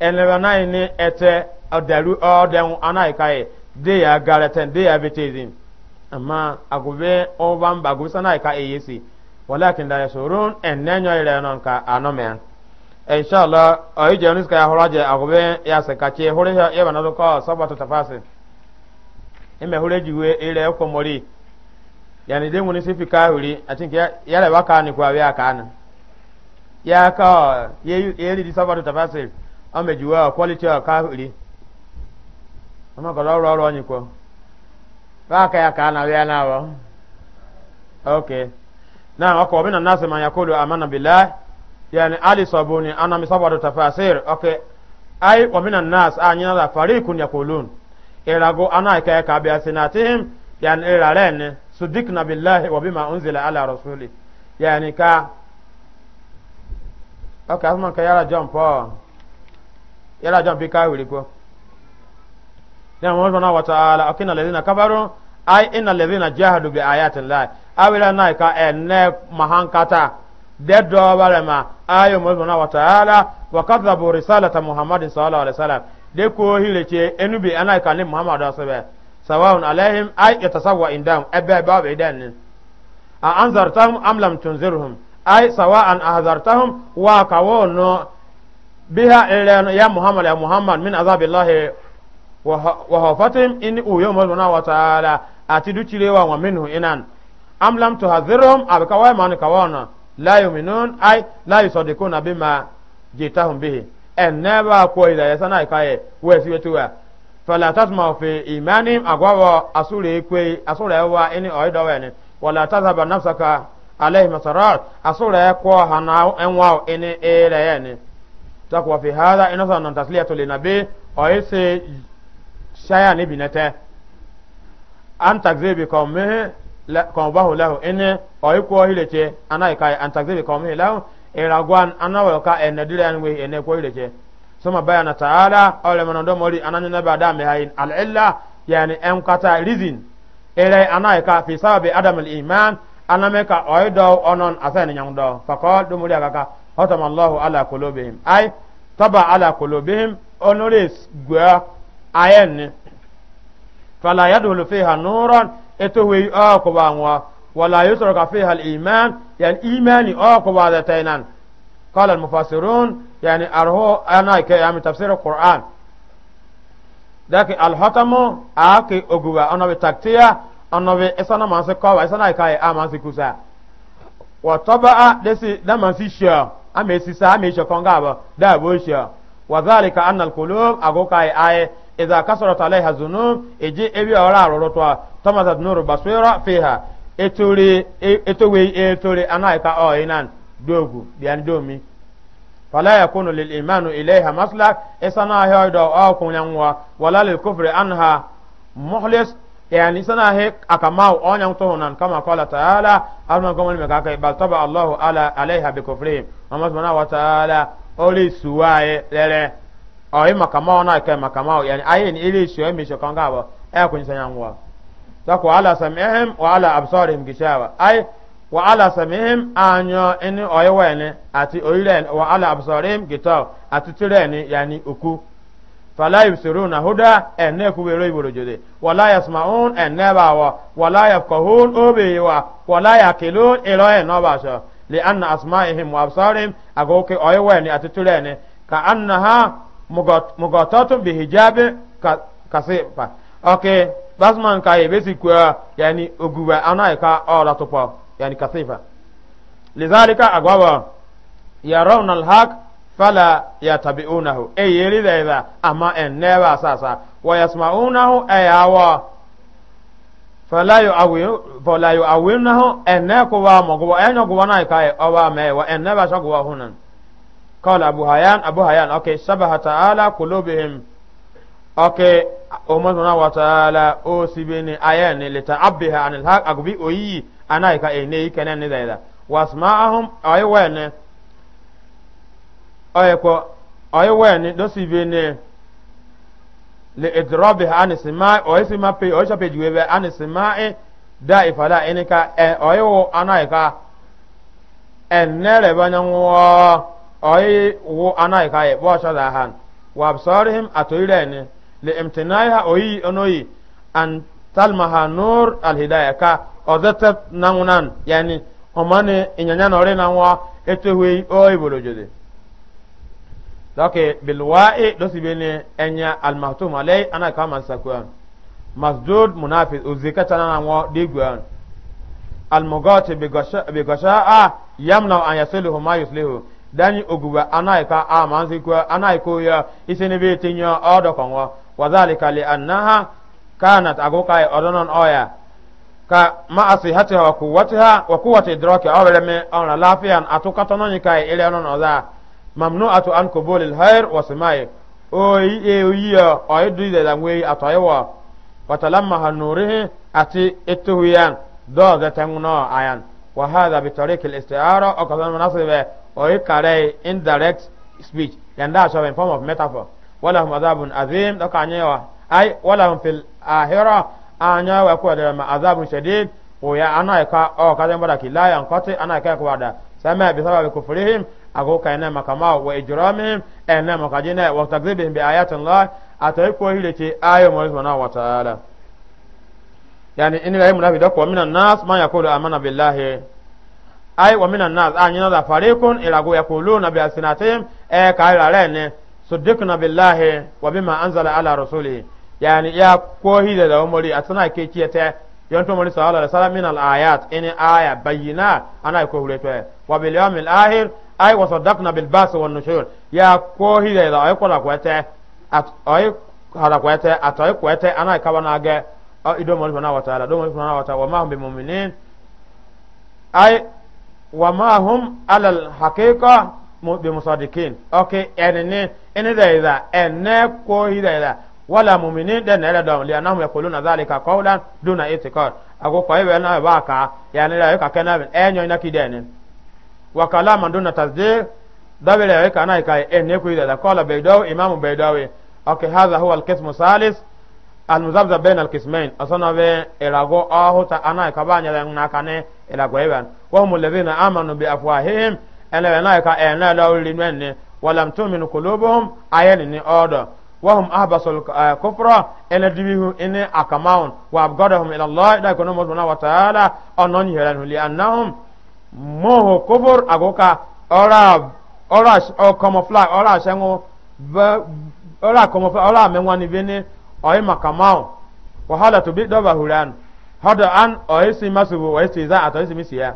elebana ini ete adaru odan anai kai de ya gareten de ya betezin amma agube oban bagu sanai ka eyesi walakin la yasurun ennenyo irenon ka anomen inshallah oyi jenus ka ya horaje agube ya sekache hore ya bana ko sabatu ime hure jiwe ile ko mori yani de ngoni sifi ka huri atin ke yara ba ka ni kwa ya ka na ya ka ye ye di sabatu tafasir ame jiwa quality ka huri ama ka ro ro ni ko ba ka ya ka na ya na wa okay na wako wabina nasi man yakulu amana billah yani ali sabuni ana misabatu tafasir okay ai wabina nas anyina la farikun yakulun irago ana ka ka bi asinatihim yan iraren sudikna billahi wa bima unzila ala rasuli yani ka aka asman ka yara jump pa oh. yara jump bi ka wuri ko ya mo na wa ta'ala akina ladina kafaru ai inna ladina jahadu bi ayatin la awira na ka enne eh, mahankata de do barema ayo mo na wa ta'ala wa kadhabu risalata muhammadin sallallahu alaihi wasallam de ko hile ce enu bi ana kanin muhammad asabe sawa'un alaihim ay yatasawwa indam ebe ba be dan ne a anzartahum am lam tunzirhum ay sawa'an ahzartahum wa kawono biha ila ya muhammad ya muhammad min azabillahi wa hafatihim in uyo mona wa ta'ala ati duchilewa wa minhu inan am lam tuhadhirhum abkawai man kawana la yu'minun ai la yusaddiquna bima jitahum bihi eneba ko ida ya sana ikaye we siwe tuwa fala tasma fi imanim agwawa asure ekwe asure ewa ini oido wene wala tazhaba nafsaka alehi masarat asure ekwa hana enwa ini ere yene takwa fi hadha inasa nan tasliyatu linabi oise shaya ni binete an takzibi qaumihi qawbahu lahu ini oikwa hilete anai kai an takzibi qaumihi lahu iragwan anawal ka en dilan we en ko ireje soma bayana ta'ala awle manondo mori ananyo na bada me hayin al illa yani en kata reason ere anai fi sababi adam al iman aname oido onon asani nyangdo fakol do muri akaka hatama allah ala qulubihim ay taba ala qulubihim onoris gwa ayen fala yadulu fiha nuran eto oh, we akobanwa ولا يترك فيها الإيمان يعني إيماني أوكو بعد قال المفسرون يعني أرهو أنا كي يعني تفسير القرآن ذاك الحتم أكي أقوى أنا بتكتيا أنا بإسانا مانسي كوا إسانا كاي أمانسي كوسا وطبعا دسي دمانسي شيا أمي سيسا أمي شكونغا با دابو شيا وذلك أن القلوب أغو كي آي إذا كسرت عليها الذنوب إجي إبي أولا رلطوا تمتت نور بصيرة فيها etore etowe etore anaika o inan dogu bian domi fala yakunu lil imanu ilayha maslak isana ha do o kunyanwa wala lil kufri anha muhlis yani sana he akama onyan to honan kama qala ta'ala alma gomal me kaka bal taba allah ala alaiha bi kufrihim amma subhanahu wa ta'ala oli suwaye lele o makama ona ke makama yani ayin ili sho mi sho kanga ba e kunyanwa dako ala samihim wa ala absorihim gishawa ay wa ala samihim anyo eni oyewene ati oyiren wa ala absorihim gitaw ati tireni yani uku fala yusiruna huda enne kubero iboro jode wala yasmaun enne bawa wala yafqahun obewa wala yaqilun ilo eno basha li anna asma'ihim wa absarihim agoke oyewene ati tireni ka annaha mugatatun bihijabi kasifa okay basman ka ye besi kwa yani oguwa ana ka ala oh, topa yani kasifa lidhalika agwaba yarawna alhaq fala yatabi'unahu e yelida idha ama en ennewa sasa wa yasma'unahu e, yawa fala yu'awiru fala yu'awirunahu enneko wa mogwa enyo gwa na ka ye owa me wa en enneba shogwa hunan qala abu hayyan abu hayyan okay sabaha ta'ala qulubihim oke umar suna wataala o sibe ni aya ni lita abbi ha anil haq agbi oyi ana ka ịda yi kenan ni zaida wasma'ahum ayi wene oyi wee ayi sibe ni li ha anil sima oyi ma pe oyi peji wee be anil sima da ifala ene ka e oyi wo e e, ni لامتناعها أوي أنوي أن تلمها نور الهداية كا أذت نعونان يعني أمانة إننا نوري نعوا إتوهي أوي بلوجدي لكن بالواء دوسي بيني أنيا المهتوم عليه أنا كمان سكوان مسجود منافذ وزكاة نعوا ديقوان almogoti bigasha a yamna an yasiluhu ma yuslihu dani oguba anaika a manzi ko anaiko ya isini bi tinyo odo konwa wadhalika liannaha kanat agoka odonon oya ka ma asihatiha wa quwwatiha wa quwwati idraki awla me ona lafiyan atukatonon kai ile onon oza atu an qubulil khair wa samai oyi e oyiya oyi duide da ngwe atoyewa watalamma hanurihi ati etuhuyan do ga tanguno ayan wa hadha bi tariq al isti'ara o kadan munasibe oyi kare indirect speech yanda so in form of metaphor walahum azabun azim da ka nyewa ai walahum fil ahira anya wa ko da ma azabun shadid o ya ana ka o ka zan baraki la yan qati ana ka ko da sama bi sababi kufrihim ago ka ina makama wa ijramihim ina makajina wa takdhibihim bi ayatin allah atai ko hile ce ayo mu subhanahu wa ta'ala yani in la yumna bidako wa minan nas man yaqulu amana billahi ai wa minan nas anyina da fariqun ila go yaquluna bi alsinatihim e ka ila rene صدقنا بالله وبما أنزل على رسوله يعني يا كوهي دا عمري أتنا كيتيتا يونتو مولى صلى الله عليه وسلم من الآيات إن آية بينا أنا يكوهي لتوه وباليوم الآخر أي وصدقنا بالباس والنشور يا كوهي دا إذا أيقونا كويتا أي هذا كويتا أتوي كويتا أنا يكوانا أجي إدو مولى سبحانه وتعالى دو مولى سبحانه وتعالى وما هم بمؤمنين أي وما هم على الحقيقة بمصادقين أوكي يعني ini da iza ene ko ida iza wala mumini da na iladon liya nahu ya kulu na zalika kawulan duna itikar ago kwa iwe na ba ka ya ni da yuka kenabin enyo ina kideni wa kalaman duna tasdir dabila yuka na ika ene ko ida kola baidawi imamu baidawi okay hadha huwa alkismu salis almuzabza bain alkismain asana be irago ahuta ana kabanya na kane irago eban wa hum alladhina amanu bi afwahihim ana ka ena lawli menne walam tu'min qulubuhum ayan ni odo wahum ahbasul eh, kufra ene dibihu ene akamaun wa abgadahum ila allah da kono mosbona wa taala onon yeran li annahum moho kufur agoka ora ora o camouflage ora sengo ora camouflage ora menwa ni bene oy makamaun wa halatu bi doba hulan hada an oyisi masubu oyisi za atoyisi misiya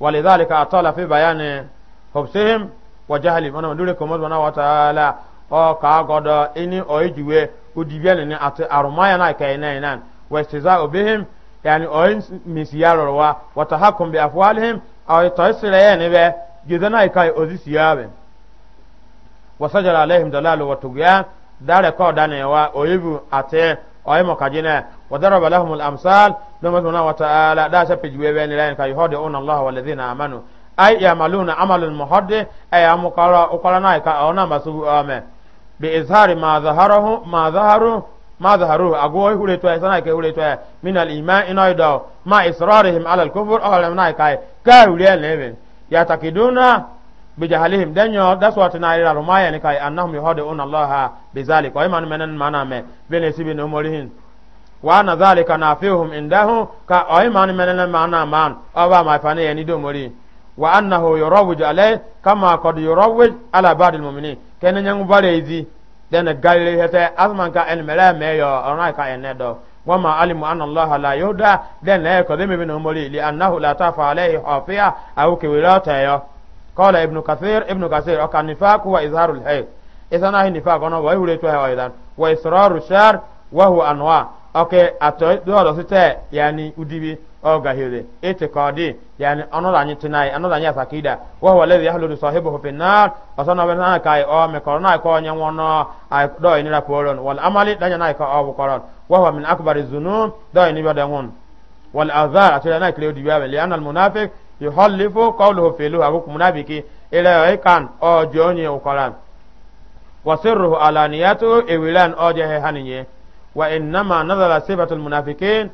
ولذلك أطال في بيان حبسهم wa jahali mana ndure ko mazwana wa taala o ka godo ini o ijiwe udibiyan ni ati arumaya na kai nan nan wa istiza bihim yani o misiyaro wa wa tahakkum bi afwalihim aw taysira yani be gidana kai ozisiyabe wa sajara alaihim dalalu wa tugyan dare ko danewa o yibu ate oye mokajine wadaraba lahum al amsal domatuna wa taala da sapijwe ben lan kai hodi on allah walladhina ay yamaluna amalun muhaddi ay amukara ukara na ka ona masu ame bi izhari ma zaharahu ma zaharu ma zaharu ago hure to ay sanai ke hure to min al iman ina da ma israrihim ala al kufr aw lam nai kai ka hure leben ya takiduna bi jahalihim danyo daswat na ira rumaya ni kai annahum yuhaduna allah bi zalika wa iman manan maname bene sibin umurihin wa na zalika nafihum indahu ka ayman manan manan man awa ma fane yani do muri وأنه يروج عليه كما قد يروج على بعض المؤمنين كان ينغ نعم باريزي دنا غالي هتا أزمان كا إن ملا ميو أنا كان ندو وما علم أن الله لا يهدى دنا يقدم ابن همولي لأنه لا تفع عليه حافية أو كويلات يا قال ابن كثير ابن كثير وكان نفاق وإظهار إظهار إذا نهي نفاق أنا وهو ليتوه أيضا وإصرار الشر وهو أنواع أوكي أتوي دو يعني أدبي oga hire itikadi yani anoda anyi tinai anoda anyi asakida wa huwa alladhi yahludu ya fi nar asana wa na na kai o me korona ko nya wono ay do inira koron wal amali danya na ka abu koron wa huwa min akbari dhunub do ini bada ngun wal azar atira na kile odi yawe li anal munafiq yuhallifu qawluhu fi lu abu munafiki ila kan o joni ukoran wa sirruhu alaniyatu ewilan o je hanije wa innama nazala sifatul munafiqin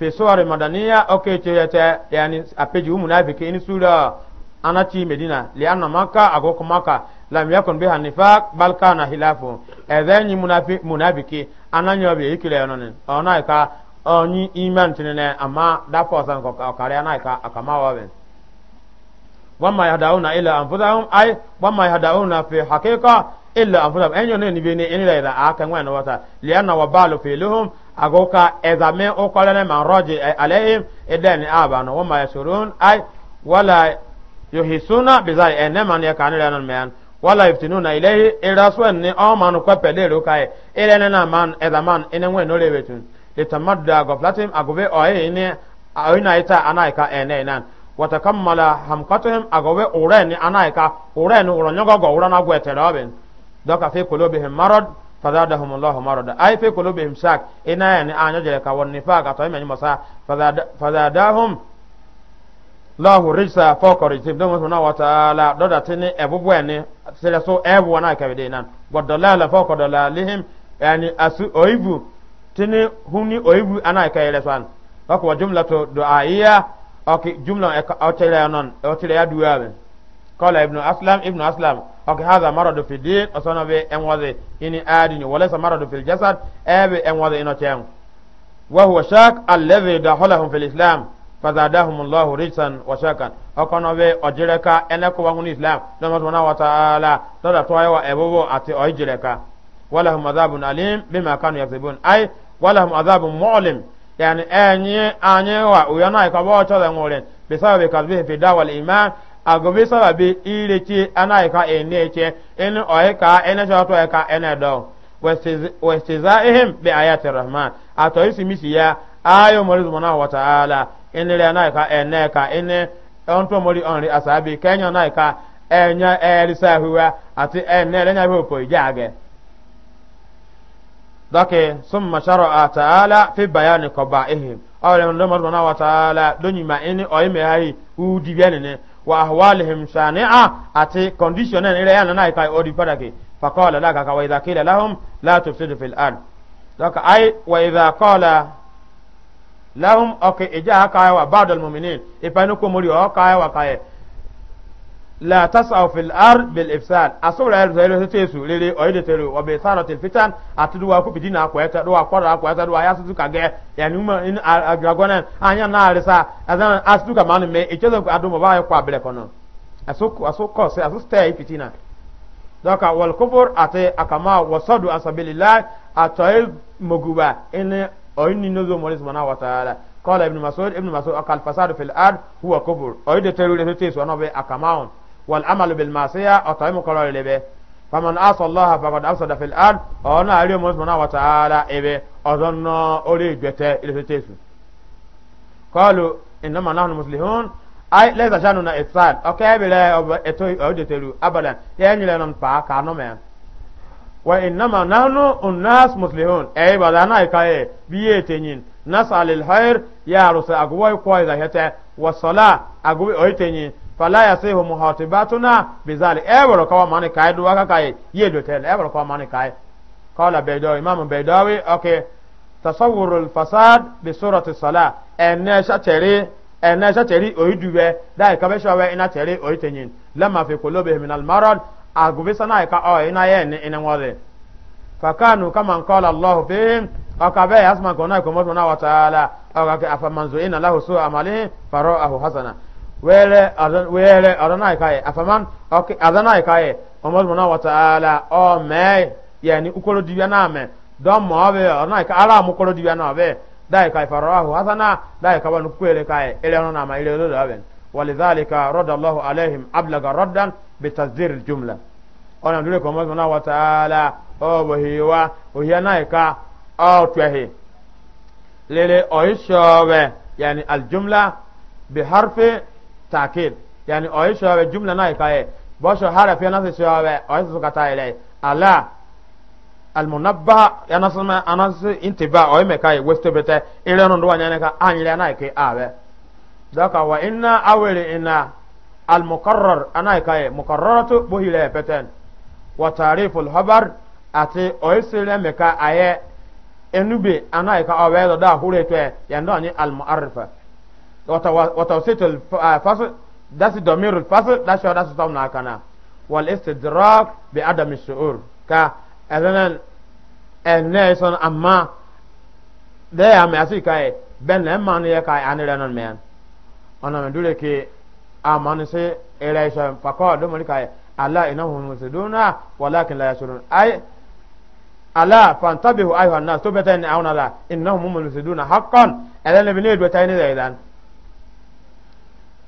fi suwari madaniya oke ce ya ta yani a peji munafiki in sura anati medina li anna makka agoko makka lam yakun biha nifaq bal kana hilafu edeni munafi munafiki ananyo be ikile yonon ona ka onyi iman tinene amma da fosan ko kare ana ka akama waben wamma yahdauna ila anfusahum ay wamma yahdauna fi haqiqa illa anfusahum enyo ne ni bene enira aka ngwana wata li anna wabalu fi lahum agoka ezame ukolene man roji eh, alayhim abano wama yasurun ay wala yuhisuna bizai ene eh, man yakanile nan meyan wala yiftinuna ilayhi iraswen ni o man kai na man ezaman ene nwe litamadda goflatim agobe oye ine aina ita anaika ene eh, nan watakammala hamkatuhim agobe ureni anaika ureni uronyogo go urana doka fi kulubihim marad فزادهم الله مرضا اي في قلوبهم شك ان يعني ان يجلك والنفاق طيب يعني مسا فزادهم الله رجسا فوق رجسهم دوم سبحانه وتعالى دودا تني ابوبو اني سلسو ابو انا كبدينا ودلال فوق دلالهم يعني اسو اويبو تني هوني اويبو انا كايلسان فكو جمله دعائيه اوكي جمله اوتيلا نون اوتيلا دعائيه قال ابن أسلم ابن أسلم أوكي هذا مرض في الدين أصنع بي أنوذي إني آدني وليس مرض في الجسد أبي أنوذي إنو تيام وهو شاك الذي دخلهم في الإسلام فزادهم الله رجسا وشاكا أكون بي أجركا أنكو وهم الإسلام لما سبحانه وتعالى تدى طوائي وأبوبو أتي أجركا ولهم عذاب أليم بما كانوا يكسبون أي ولهم عذاب مؤلم يعني أني أني وأنا يكبر أشهد أن بسبب كذبه في دعوة الإيمان agobe sababi irece anaika enece in oika enechoto eka enedo wastizaihim bi ayati rahman atọ isi misi ya ayo mori subhanahu wa ta'ala inire anaika eneka ine onto mori onri asabi kenya anaika enya erisahuwa ati enere nya hopo ijage dake summa shara'a fi bayani mori wa ahwalihim shani'a ati condition ne ire yana nai kai odi padake fa qala la ka wa idha qila lahum la tufsidu fil ard doka ai wa idha qala lahum okay ija ka wa ba'd al mu'minin ifanu ko muri o ka wa kae la tas'aw fil ard bil ifsad asubra yar zayro te su rere oyde tere wa be saratil fitan atudu wa ku bidina ko eta do wa kwara ko eta do ya su ka ge ya ni ma in agragona anya na risa azan asu ka manu me echezo ku adu ba ya kwa bele kono asu asu ko se asu stay fitina doka wal kufur ate akama wasadu asabilillah atay muguba ene oyni nozo moris mana wa taala قال ابن مسعود ابن مسعود اقل فساد في الارض هو كفر اويد تيرو تيسو انا بي اكماون والعمل بالمعصية أطعم كرر لبه فمن عصى الله فقد أفسد في الأرض أنا أريم سبحانه وتعالى إبه أظن أولي جتة إلى ستيسو قالوا إنما نحن مسلمون أي ليس شأننا إتصال أوكي بلا أتوي أو جتلو أبدا يعني لا ننفع كانوا من وإنما نحن الناس مسلمون أي بدنا إكاي بيتين نسأل الخير يا رسول أقوى كويس هتا والصلاة أقوى أيتين fala yasihu muhatibatuna bizali ebro kawa mani kai duwa ka kai yedo tel ebro kawa mani kai qala baydawi imam baydawi okay tasawwur al fasad bi surati salah enna shateri enna shateri oiduwe dai ka besho we ina teri oitenyin lamma fi qulubi min al marad agubisa na ka o ina ye ni ina ngode fakanu kama qala allah fihim akabe asma kona ko motona wa taala akake afamanzu ina lahu su amalihi faraahu hasana wele azan wele azanai kai afaman okay azanai kai Muhammad muna wa ta'ala o me yani ukolo diya na me don mo be azanai ka ara mu kolo diya na be dai kai farahu hasana dai ka wanu kwele kai ele no na ma ele do da ben walidhalika radda Allah alaihim ablaga raddan bitazdir aljumla ona ndule kwa Muhammad muna wa ta'ala o bohiwa ohianai ka o twehi lele oishobe yani aljumla بحرف takid yani oyi shobe jumla na ikaye bosho harafi yana se shobe oyi su kata ile ala almunabba yana sama anasu intiba oyi me kai westo bete ile no duwa nyane ka anyile na ike abe daka wa inna aweli inna almukarrar ana ikaye mukarraratu buhile peten wa tariful habar ati oyi sire me ka aye enube ana ika obe da hure to ya anyi almuarrifa وتوسيط الفصل ده ضمير الفصل ده شو ده ستوم ناكنا والاستدراك بعدم الشعور كا أذنن أنيسون أما ده يا مأسي كاي بن لما نيا كاي أنا لنن مين أنا من دولة كي أمان سي إليشون فقال دوم كاي ألا إنهم مسدون ولكن لا يشعرون أي ala fantabihu ayuha nas to betani awna la innahum mumlisiduna haqqan elene bine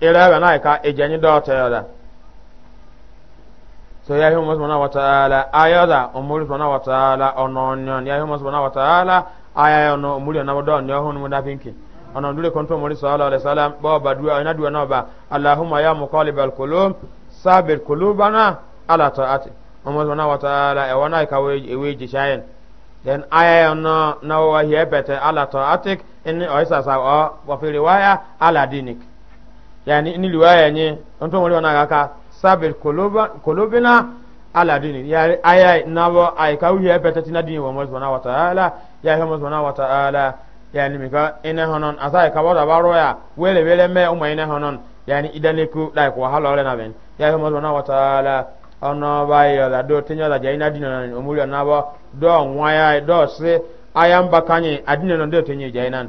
ila wa naika ejanyi dota yoda so ya hiyo mwana wa taala ayoda umuri mwana wa taala ononyon ya hiyo mwana wa taala aya ono umuri na bodon yo hunu pinki. ana ndule kontu umuri sallallahu alaihi wasallam ba ba duwa ina duwa na ba allahumma ya muqallibal qulub sabir qulubana ala taati umuri mwana wa taala e wana ka weji shayen then aya ono na wa hiya pete ala taatik in oisa sa wa fi riwaya ala dinik yani ni liwaya nye onto mori wana kaka sabir koloba kolobina ala dini ya aya nawo ay ka wiye beta tina dini wa mozwana wa taala ya ha mozwana wa taala yani mika ina honon asai ka wada baro ya wele wele me umma ina honon yani idane ku dai ko halole na ben ya ha mozwana wa taala ono bayo la do tinyo la jaina dini na omuri nawo do nwaya do se aya mbakanye adini no do tinyo jainan